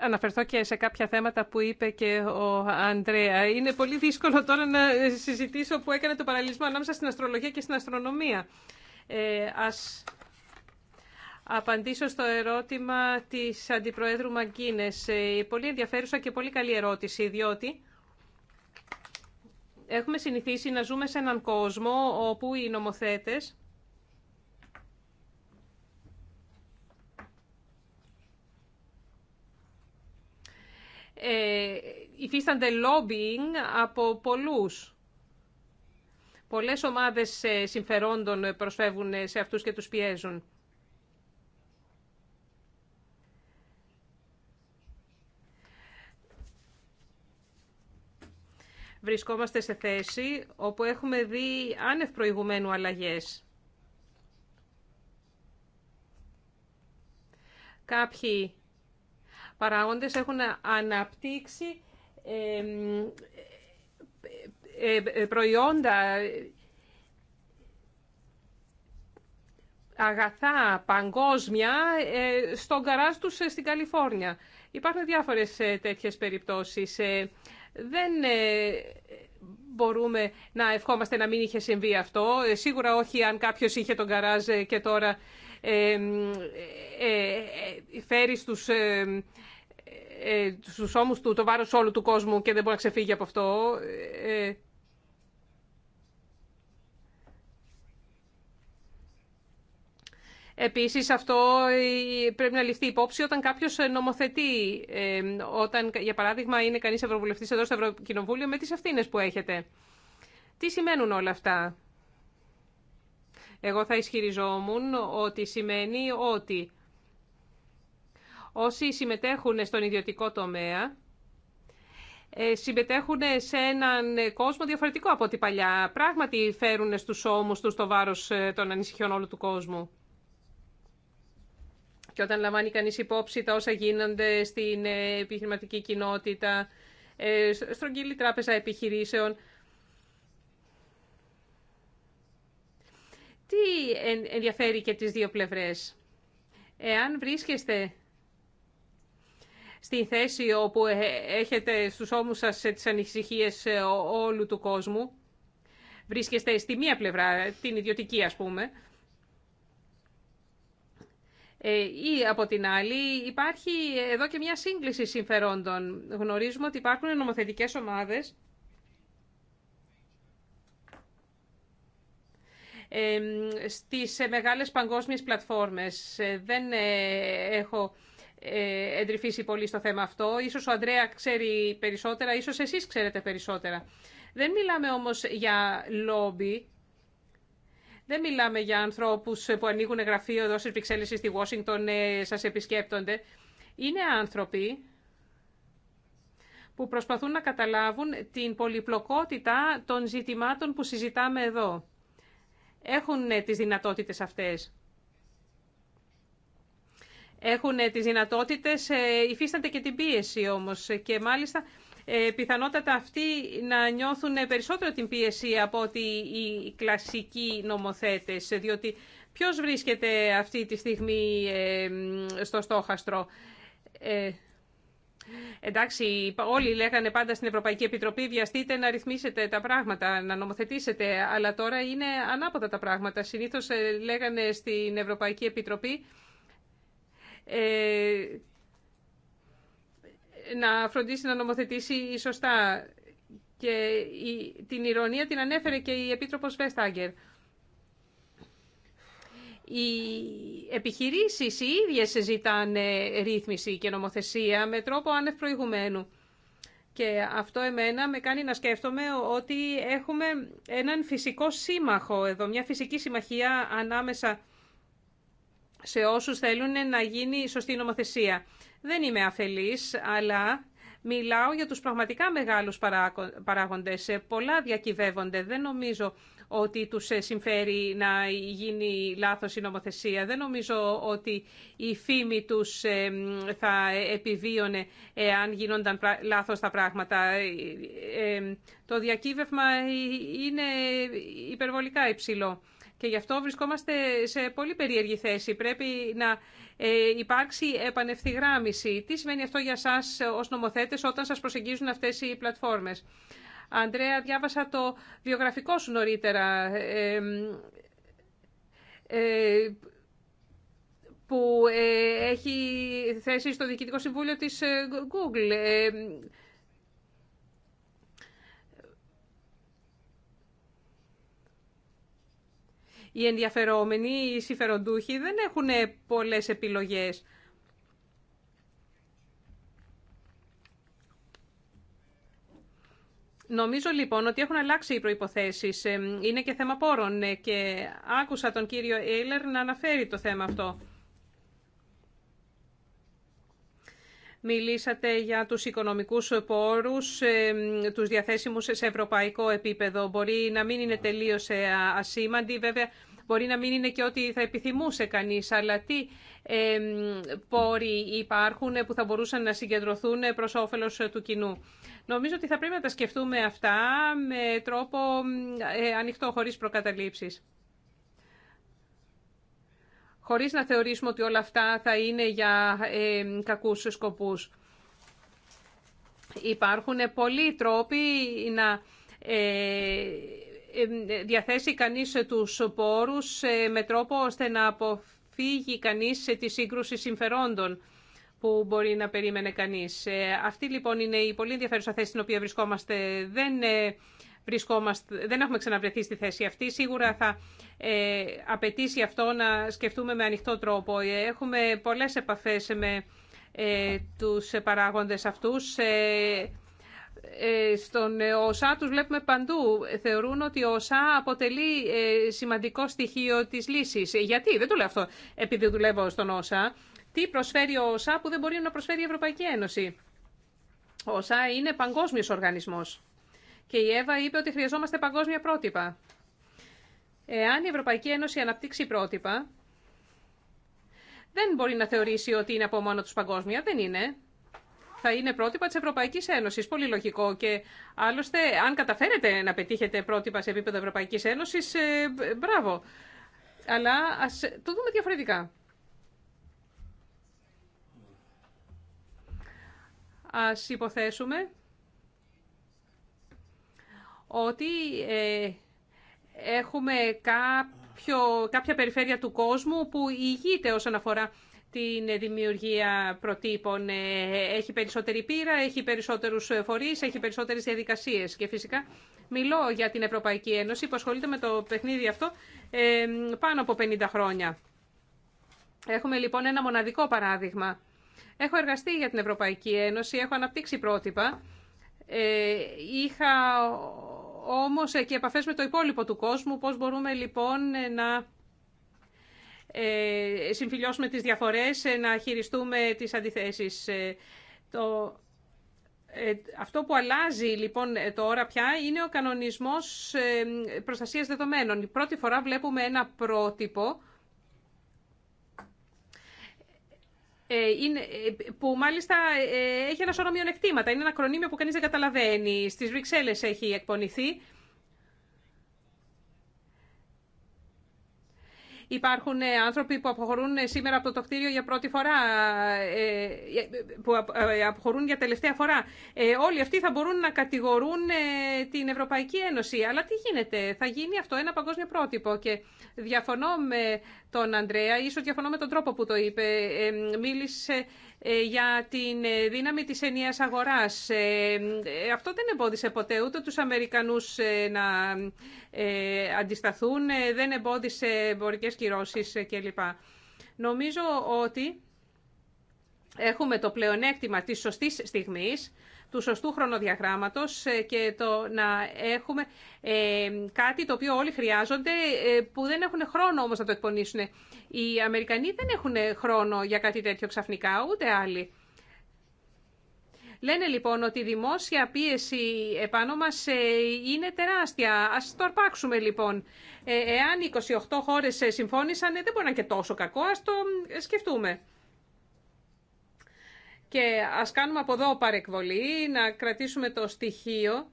αναφερθώ και σε κάποια θέματα που είπε και ο Ανδρέα. Είναι πολύ δύσκολο τώρα να συζητήσω που έκανε το παραλυσμό ανάμεσα στην αστρολογία και στην αστρονομία. Ε, ας απαντήσω στο ερώτημα της Αντιπροέδρου Μαγκίνες. Ε, πολύ ενδιαφέρουσα και πολύ καλή ερώτηση, διότι έχουμε συνηθίσει να ζούμε σε έναν κόσμο όπου οι νομοθέτες ε, υφίστανται lobbying από πολλούς. Πολλές ομάδες ε, συμφερόντων προσφεύγουν σε αυτούς και τους πιέζουν. βρισκόμαστε σε θέση όπου έχουμε δει άνευ προηγουμένου αλλαγές. Κάποιοι παράγοντες έχουν αναπτύξει ε, ε, ε, προϊόντα, αγαθά παγκόσμια στον καράζ τους στην Καλιφόρνια. Υπάρχουν διάφορες τέτοιες περιπτώσεις. Δεν ε, μπορούμε να ευχόμαστε να μην είχε συμβεί αυτό. Ε, σίγουρα όχι αν κάποιος είχε τον καράζ ε, και τώρα φέρει στους στους ώμους του το βάρος όλου του κόσμου και δεν μπορεί να ξεφύγει από αυτό. Επίσης αυτό ε, πρέπει να ληφθεί υπόψη όταν κάποιος νομοθετεί, ε, όταν για παράδειγμα είναι κανείς ευρωβουλευτής εδώ στο Ευρωκοινοβούλιο με τις ευθύνε που έχετε. Τι σημαίνουν όλα αυτά. Εγώ θα ισχυριζόμουν ότι σημαίνει ότι όσοι συμμετέχουν στον ιδιωτικό τομέα ε, συμμετέχουν σε έναν κόσμο διαφορετικό από ό,τι παλιά. Πράγματι φέρουν στους ώμους τους το βάρος των ανησυχιών όλου του κόσμου. Και όταν λαμβάνει κανείς υπόψη τα όσα γίνονται στην ε, επιχειρηματική κοινότητα, ε, στρογγύλη τράπεζα επιχειρήσεων, τι ενδιαφέρει και τις δύο πλευρές. Εάν βρίσκεστε στη θέση όπου ε, έχετε στους ώμους σας τις ανησυχίες όλου του κόσμου, βρίσκεστε στη μία πλευρά, την ιδιωτική ας πούμε, ε, ή από την άλλη υπάρχει εδώ και μια σύγκληση συμφερόντων. Γνωρίζουμε ότι υπάρχουν νομοθετικές ομάδες στις μεγάλες παγκόσμιες πλατφόρμες. Ε, δεν ε, έχω εντρυφήσει πολύ στο θέμα αυτό. Ίσως ο Αντρέα ξέρει περισσότερα, ίσως εσείς ξέρετε περισσότερα. Δεν μιλάμε όμως για λόμπι. Δεν μιλάμε για ανθρώπους που ανοίγουν γραφείο εδώ στι Βρυξέλλε ή στη Washington, ε, σας επισκέπτονται. Είναι άνθρωποι που προσπαθούν να καταλάβουν την πολυπλοκότητα των ζητημάτων που συζητάμε εδώ. Έχουν ε, τις δυνατότητες αυτές. Έχουν ε, τις δυνατότητες, υφίστανται και την πίεση όμως και μάλιστα ε, πιθανότατα αυτοί να νιώθουν περισσότερο την πίεση από ότι οι κλασικοί νομοθέτες, διότι ποιος βρίσκεται αυτή τη στιγμή ε, στο στόχαστρο. Ε, εντάξει, όλοι λέγανε πάντα στην Ευρωπαϊκή Επιτροπή βιαστείτε να ρυθμίσετε τα πράγματα, να νομοθετήσετε, αλλά τώρα είναι ανάποδα τα πράγματα. Συνήθως ε, λέγανε στην Ευρωπαϊκή Επιτροπή ε, να φροντίσει να νομοθετήσει σωστά. Και την ηρωνία την ανέφερε και η Επίτροπος Βέσταγκερ. Οι επιχειρήσεις οι ίδιες ζητάνε ρύθμιση και νομοθεσία με τρόπο άνευ προηγουμένου. Και αυτό εμένα με κάνει να σκέφτομαι ότι έχουμε έναν φυσικό σύμμαχο εδώ, μια φυσική συμμαχία ανάμεσα σε όσους θέλουν να γίνει σωστή νομοθεσία. Δεν είμαι αφελής, αλλά μιλάω για τους πραγματικά μεγάλους παράγοντες. Ε, πολλά διακυβεύονται. Δεν νομίζω ότι τους ε, συμφέρει να γίνει λάθος η νομοθεσία. Δεν νομίζω ότι η φήμη τους ε, θα επιβίωνε εάν γίνονταν λάθος τα πράγματα. Το διακύβευμα είναι υπερβολικά υψηλό. Και γι' αυτό βρισκόμαστε σε πολύ περίεργη θέση. Πρέπει να ε, υπάρξει επανευθυγράμμιση. Τι σημαίνει αυτό για εσά ως νομοθέτες όταν σας προσεγγίζουν αυτές οι πλατφόρμες. Αντρέα, διάβασα το βιογραφικό σου νωρίτερα ε, που ε, έχει θέση στο Διοικητικό Συμβούλιο της Google. οι ενδιαφερόμενοι, οι συμφεροντούχοι δεν έχουν πολλές επιλογές. Νομίζω λοιπόν ότι έχουν αλλάξει οι προϋποθέσεις. Ε, είναι και θέμα πόρων ε, και άκουσα τον κύριο Έιλερ να αναφέρει το θέμα αυτό. Μιλήσατε για τους οικονομικούς πόρους, ε, τους διαθέσιμους σε ευρωπαϊκό επίπεδο. Μπορεί να μην είναι τελείως ε, ασήμαντη, βέβαια μπορεί να μην είναι και ό,τι θα επιθυμούσε κανείς, αλλά τι ε, πόροι υπάρχουν που θα μπορούσαν να συγκεντρωθούν προς όφελος του κοινού. Νομίζω ότι θα πρέπει να τα σκεφτούμε αυτά με τρόπο ανοιχτό, χωρίς προκαταλήψεις χωρίς να θεωρήσουμε ότι όλα αυτά θα είναι για ε, κακούς σκοπούς. Υπάρχουν πολλοί τρόποι να ε, ε διαθέσει κανείς τους πόρους ε, με τρόπο ώστε να αποφύγει κανείς τη σύγκρουση συμφερόντων που μπορεί να περίμενε κανείς. Ε, αυτή λοιπόν είναι η πολύ ενδιαφέρουσα θέση στην οποία βρισκόμαστε. Δεν βρισκόμαστε, δεν έχουμε ξαναβρεθεί στη θέση αυτή. Σίγουρα θα ε, απαιτήσει αυτό να σκεφτούμε με ανοιχτό τρόπο. Ε, έχουμε πολλές επαφές με ε, τους παράγοντες αυτούς. Ε, ε στον ΟΣΑ τους βλέπουμε παντού. Θεωρούν ότι ο ΟΣΑ αποτελεί σημαντικό στοιχείο της λύσης. Γιατί, δεν το λέω αυτό επειδή δουλεύω στον ΟΣΑ. Τι προσφέρει ο ΟΣΑ που δεν μπορεί να προσφέρει η Ευρωπαϊκή Ένωση. Ο ΟΣΑ είναι παγκόσμιος οργανισμός. Και η Εύα είπε ότι χρειαζόμαστε παγκόσμια πρότυπα. Εάν η Ευρωπαϊκή Ένωση αναπτύξει πρότυπα, δεν μπορεί να θεωρήσει ότι είναι από μόνο του παγκόσμια. Δεν είναι. Θα είναι πρότυπα της Ευρωπαϊκής Ένωσης. Πολύ λογικό. Και άλλωστε, αν καταφέρετε να πετύχετε πρότυπα σε επίπεδο Ευρωπαϊκής Ένωση ε, μπράβο. Αλλά α το δούμε διαφορετικά. Ας υποθέσουμε ότι ε, έχουμε κάποιο, κάποια περιφέρεια του κόσμου που ηγείται όσον αφορά την δημιουργία προτύπων. Ε, έχει περισσότερη πείρα, έχει περισσότερους φορείς, έχει περισσότερες διαδικασίες. Και φυσικά μιλώ για την Ευρωπαϊκή Ένωση που ασχολείται με το παιχνίδι αυτό ε, πάνω από 50 χρόνια. Έχουμε λοιπόν ένα μοναδικό παράδειγμα. Έχω εργαστεί για την Ευρωπαϊκή Ένωση, έχω αναπτύξει πρότυπα. Είχα όμως ε, και επαφές με το υπόλοιπο του κόσμου, πώς μπορούμε λοιπόν ε, να ε, συμφιλιώσουμε τις διαφορές, να χειριστούμε τις αντιθέσεις. Το... Αυτό που αλλάζει λοιπόν τώρα πια είναι ο κανονισμός προστασίας δεδομένων. Η πρώτη φορά βλέπουμε ένα πρότυπο Ε, είναι, ε, που μάλιστα ε, έχει ένα σωρό μειονεκτήματα. Είναι ένα ακρονίμιο που κανείς δεν καταλαβαίνει. Στις Βρυξέλλες έχει εκπονηθεί Υπάρχουν ε, άνθρωποι που αποχωρούν ε, σήμερα από το κτίριο για πρώτη φορά, ε, που αποχωρούν για τελευταία φορά. Όλοι αυτοί θα μπορούν να κατηγορούν την Ευρωπαϊκή Ένωση. Αλλά τι γίνεται, θα γίνει αυτό ένα παγκόσμιο πρότυπο. Και διαφωνώ με τον Ανδρέα, ίσως διαφωνώ με τον τρόπο που το είπε. Μίλησε ε, για την ε, δύναμη της ενιαίας αγοράς. Ε, αυτό δεν εμπόδισε ποτέ ούτε τους Αμερικανούς να αντισταθούν, δεν εμπόδισε εμπορικές κυρώσεις κλπ. Νομίζω ότι έχουμε το πλεονέκτημα της σωστής στιγμής του σωστού χρονοδιαγράμματος ε, και το να έχουμε ε, κάτι το οποίο όλοι χρειάζονται ε, που δεν έχουν χρόνο όμως να το εκπονήσουν. Οι Αμερικανοί δεν έχουν χρόνο για κάτι τέτοιο ξαφνικά, ούτε άλλοι. Λένε λοιπόν ότι η δημόσια πίεση επάνω μας είναι τεράστια. Ας το αρπάξουμε λοιπόν. Εάν 28 χώρες συμφώνησαν, δεν μπορεί να είναι και τόσο κακό. Ας το σκεφτούμε. Και ας κάνουμε από εδώ παρεκβολή, να κρατήσουμε το στοιχείο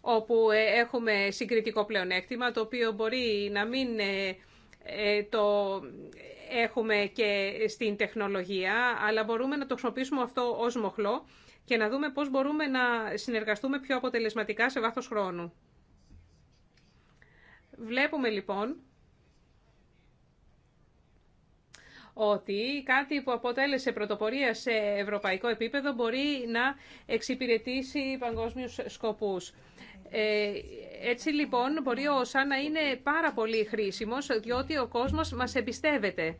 όπου ε, έχουμε συγκριτικό πλεονέκτημα, το οποίο μπορεί να μην ε, ε, το έχουμε και στην τεχνολογία, αλλά μπορούμε να το χρησιμοποιήσουμε αυτό ως μοχλό και να δούμε πώς μπορούμε να συνεργαστούμε πιο αποτελεσματικά σε βάθος χρόνου. Βλέπουμε λοιπόν ότι κάτι που αποτέλεσε πρωτοπορία σε ευρωπαϊκό επίπεδο μπορεί να εξυπηρετήσει παγκόσμιους σκοπούς. Ε, έτσι λοιπόν μπορεί ο Ωσά να είναι πάρα πολύ χρήσιμος διότι ο κόσμος μας εμπιστεύεται.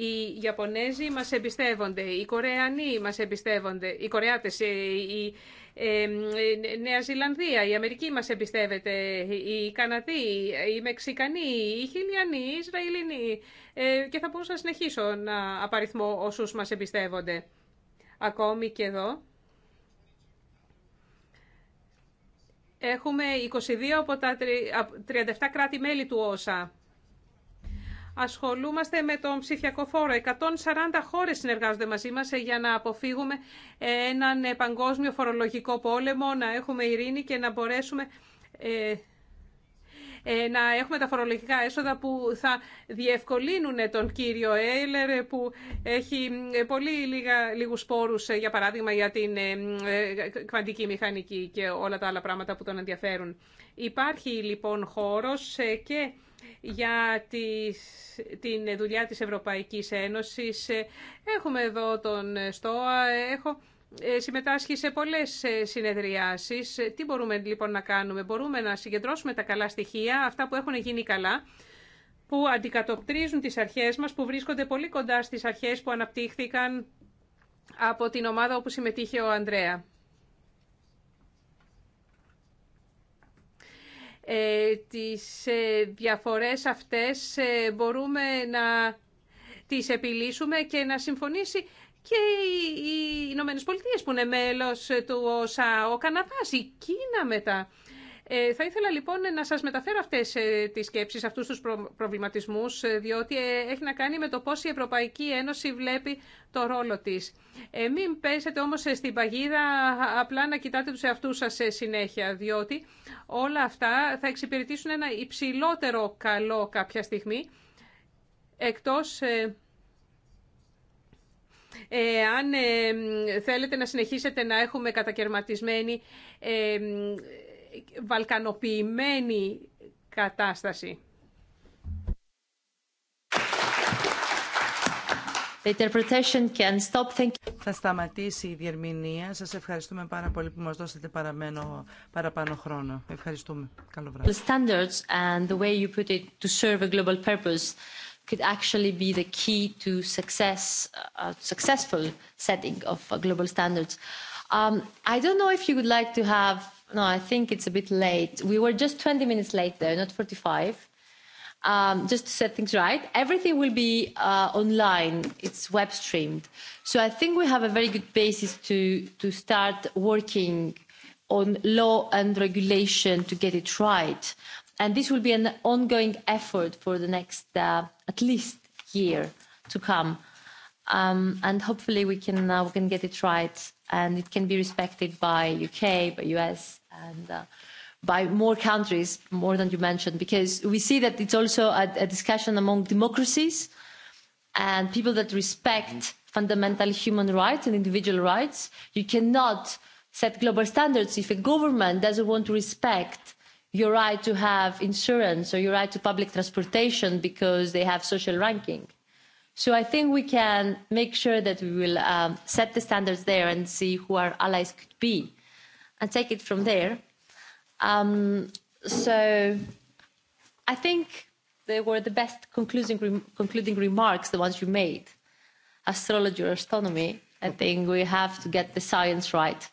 Οι Ιαπωνέζοι μας εμπιστεύονται, οι Κορεανοί μας εμπιστεύονται, οι Κορεάτες, ε, η ε, Νέα Ζηλανδία, η Αμερική μας εμπιστεύεται, οι Καναδοί, οι Μεξικανοί, οι Χιλιανοί, οι Ισραηλινοί ε, και θα μπορούσα να συνεχίσω να απαριθμώ όσους μας εμπιστεύονται. Ακόμη και εδώ. Έχουμε 22 από τα 37 κράτη-μέλη του ΩΣΑ ασχολούμαστε με τον ψηφιακό φόρο. 140 χώρες συνεργάζονται μαζί μας ε, για να αποφύγουμε ε, έναν ε, παγκόσμιο φορολογικό πόλεμο, να έχουμε ειρήνη και να μπορέσουμε να έχουμε τα φορολογικά έσοδα που θα διευκολύνουν τον κύριο Έλερ που έχει πολύ λίγα, λίγους πόρους για παράδειγμα για την κβαντική μηχανική και όλα τα άλλα πράγματα που τον ενδιαφέρουν. Υπάρχει λοιπόν χώρος και για τη την δουλειά της Ευρωπαϊκής Ένωσης. Έχουμε εδώ τον ΣΤΟΑ, έχω ε, συμμετάσχει σε πολλές ε, συνεδριάσεις. Τι μπορούμε λοιπόν να κάνουμε, μπορούμε να συγκεντρώσουμε τα καλά στοιχεία, αυτά που έχουν γίνει καλά, που αντικατοπτρίζουν τις αρχές μας, που βρίσκονται πολύ κοντά στις αρχές που αναπτύχθηκαν από την ομάδα όπου συμμετείχε ο Ανδρέα. Ε, τις ε, διαφορές αυτές ε, μπορούμε να τις επιλύσουμε και να συμφωνήσει και οι Ηνωμένε Πολιτείε που είναι μέλος του ΟΣΑ, ο Καναδάς, η Κίνα μετά. Ε, θα ήθελα λοιπόν να σας μεταφέρω αυτές ε, τις σκέψεις, αυτούς τους προβληματισμούς, ε, διότι έχει να κάνει με το πώς η Ευρωπαϊκή Ένωση βλέπει το ρόλο της. Μην πέσετε όμως στην παγίδα απλά να κοιτάτε τους εαυτούς σας συνέχεια, διότι όλα αυτά θα εξυπηρετήσουν ένα υψηλότερο καλό κάποια στιγμή, εκτός... αν θέλετε να συνεχίσετε να έχουμε κατακαιρματισμένη βαλκανοποιημένη κατάσταση. The interpretation can stop. Thank you. Θα σταματήσει η διερμηνία. Σας ευχαριστούμε πάρα πολύ που μας δώσετε παραμένο, παραπάνω χρόνο. Ευχαριστούμε. Καλό βράδυ. The standards and the way you put it to serve a global purpose could actually be the key to success, uh, successful setting of global standards. Um, I don't know if you would like to have No, I think it's a bit late. We were just 20 minutes late there, not 45. Um, just to set things right, everything will be uh, online. It's web streamed. So I think we have a very good basis to, to start working on law and regulation to get it right. And this will be an ongoing effort for the next uh, at least year to come. Um, and hopefully we can, uh, we can get it right and it can be respected by UK, by US, and by more countries, more than you mentioned, because we see that it's also a discussion among democracies and people that respect fundamental human rights and individual rights. You cannot set global standards if a government doesn't want to respect your right to have insurance or your right to public transportation because they have social ranking So I think we can make sure that we will um, set the standards there and see who our allies could be and take it from there. Um, so I think they were the best concluding, concluding remarks, the ones you made. Astrology or astronomy, I think we have to get the science right.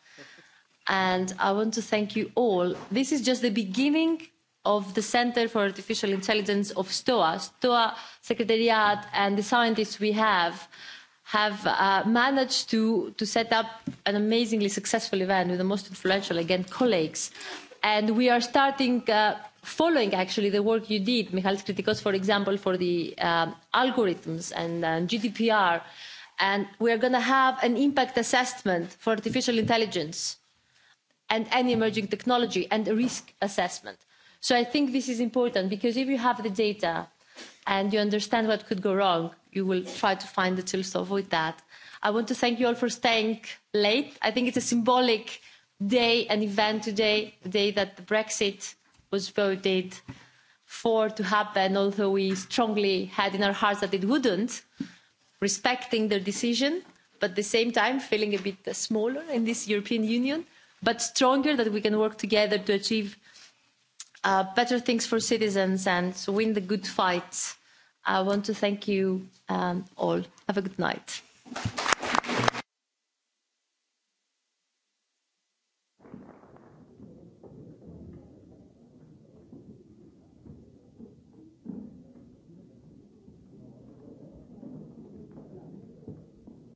And I want to thank you all. This is just the beginning of the Center for Artificial Intelligence of STOA. STOA Secretariat and the scientists we have have managed to set up an amazingly successful event with the most influential, again, colleagues. And we are starting following actually the work you did, Michalis Kritikos, for example, for the algorithms and GDPR. And we are going to have an impact assessment for artificial intelligence and any emerging technology and a risk assessment So I think this is important because if you have the data and you understand what could go wrong, you will try to find the tools to avoid that. I want to thank you all for staying late. I think it's a symbolic day and event today, the day that the Brexit was voted for to happen, although we strongly had in our hearts that it wouldn't, respecting their decision, but at the same time feeling a bit smaller in this European Union, but stronger that we can work together to achieve better things for citizens and win the good fight. I want to thank you all. Have a good night.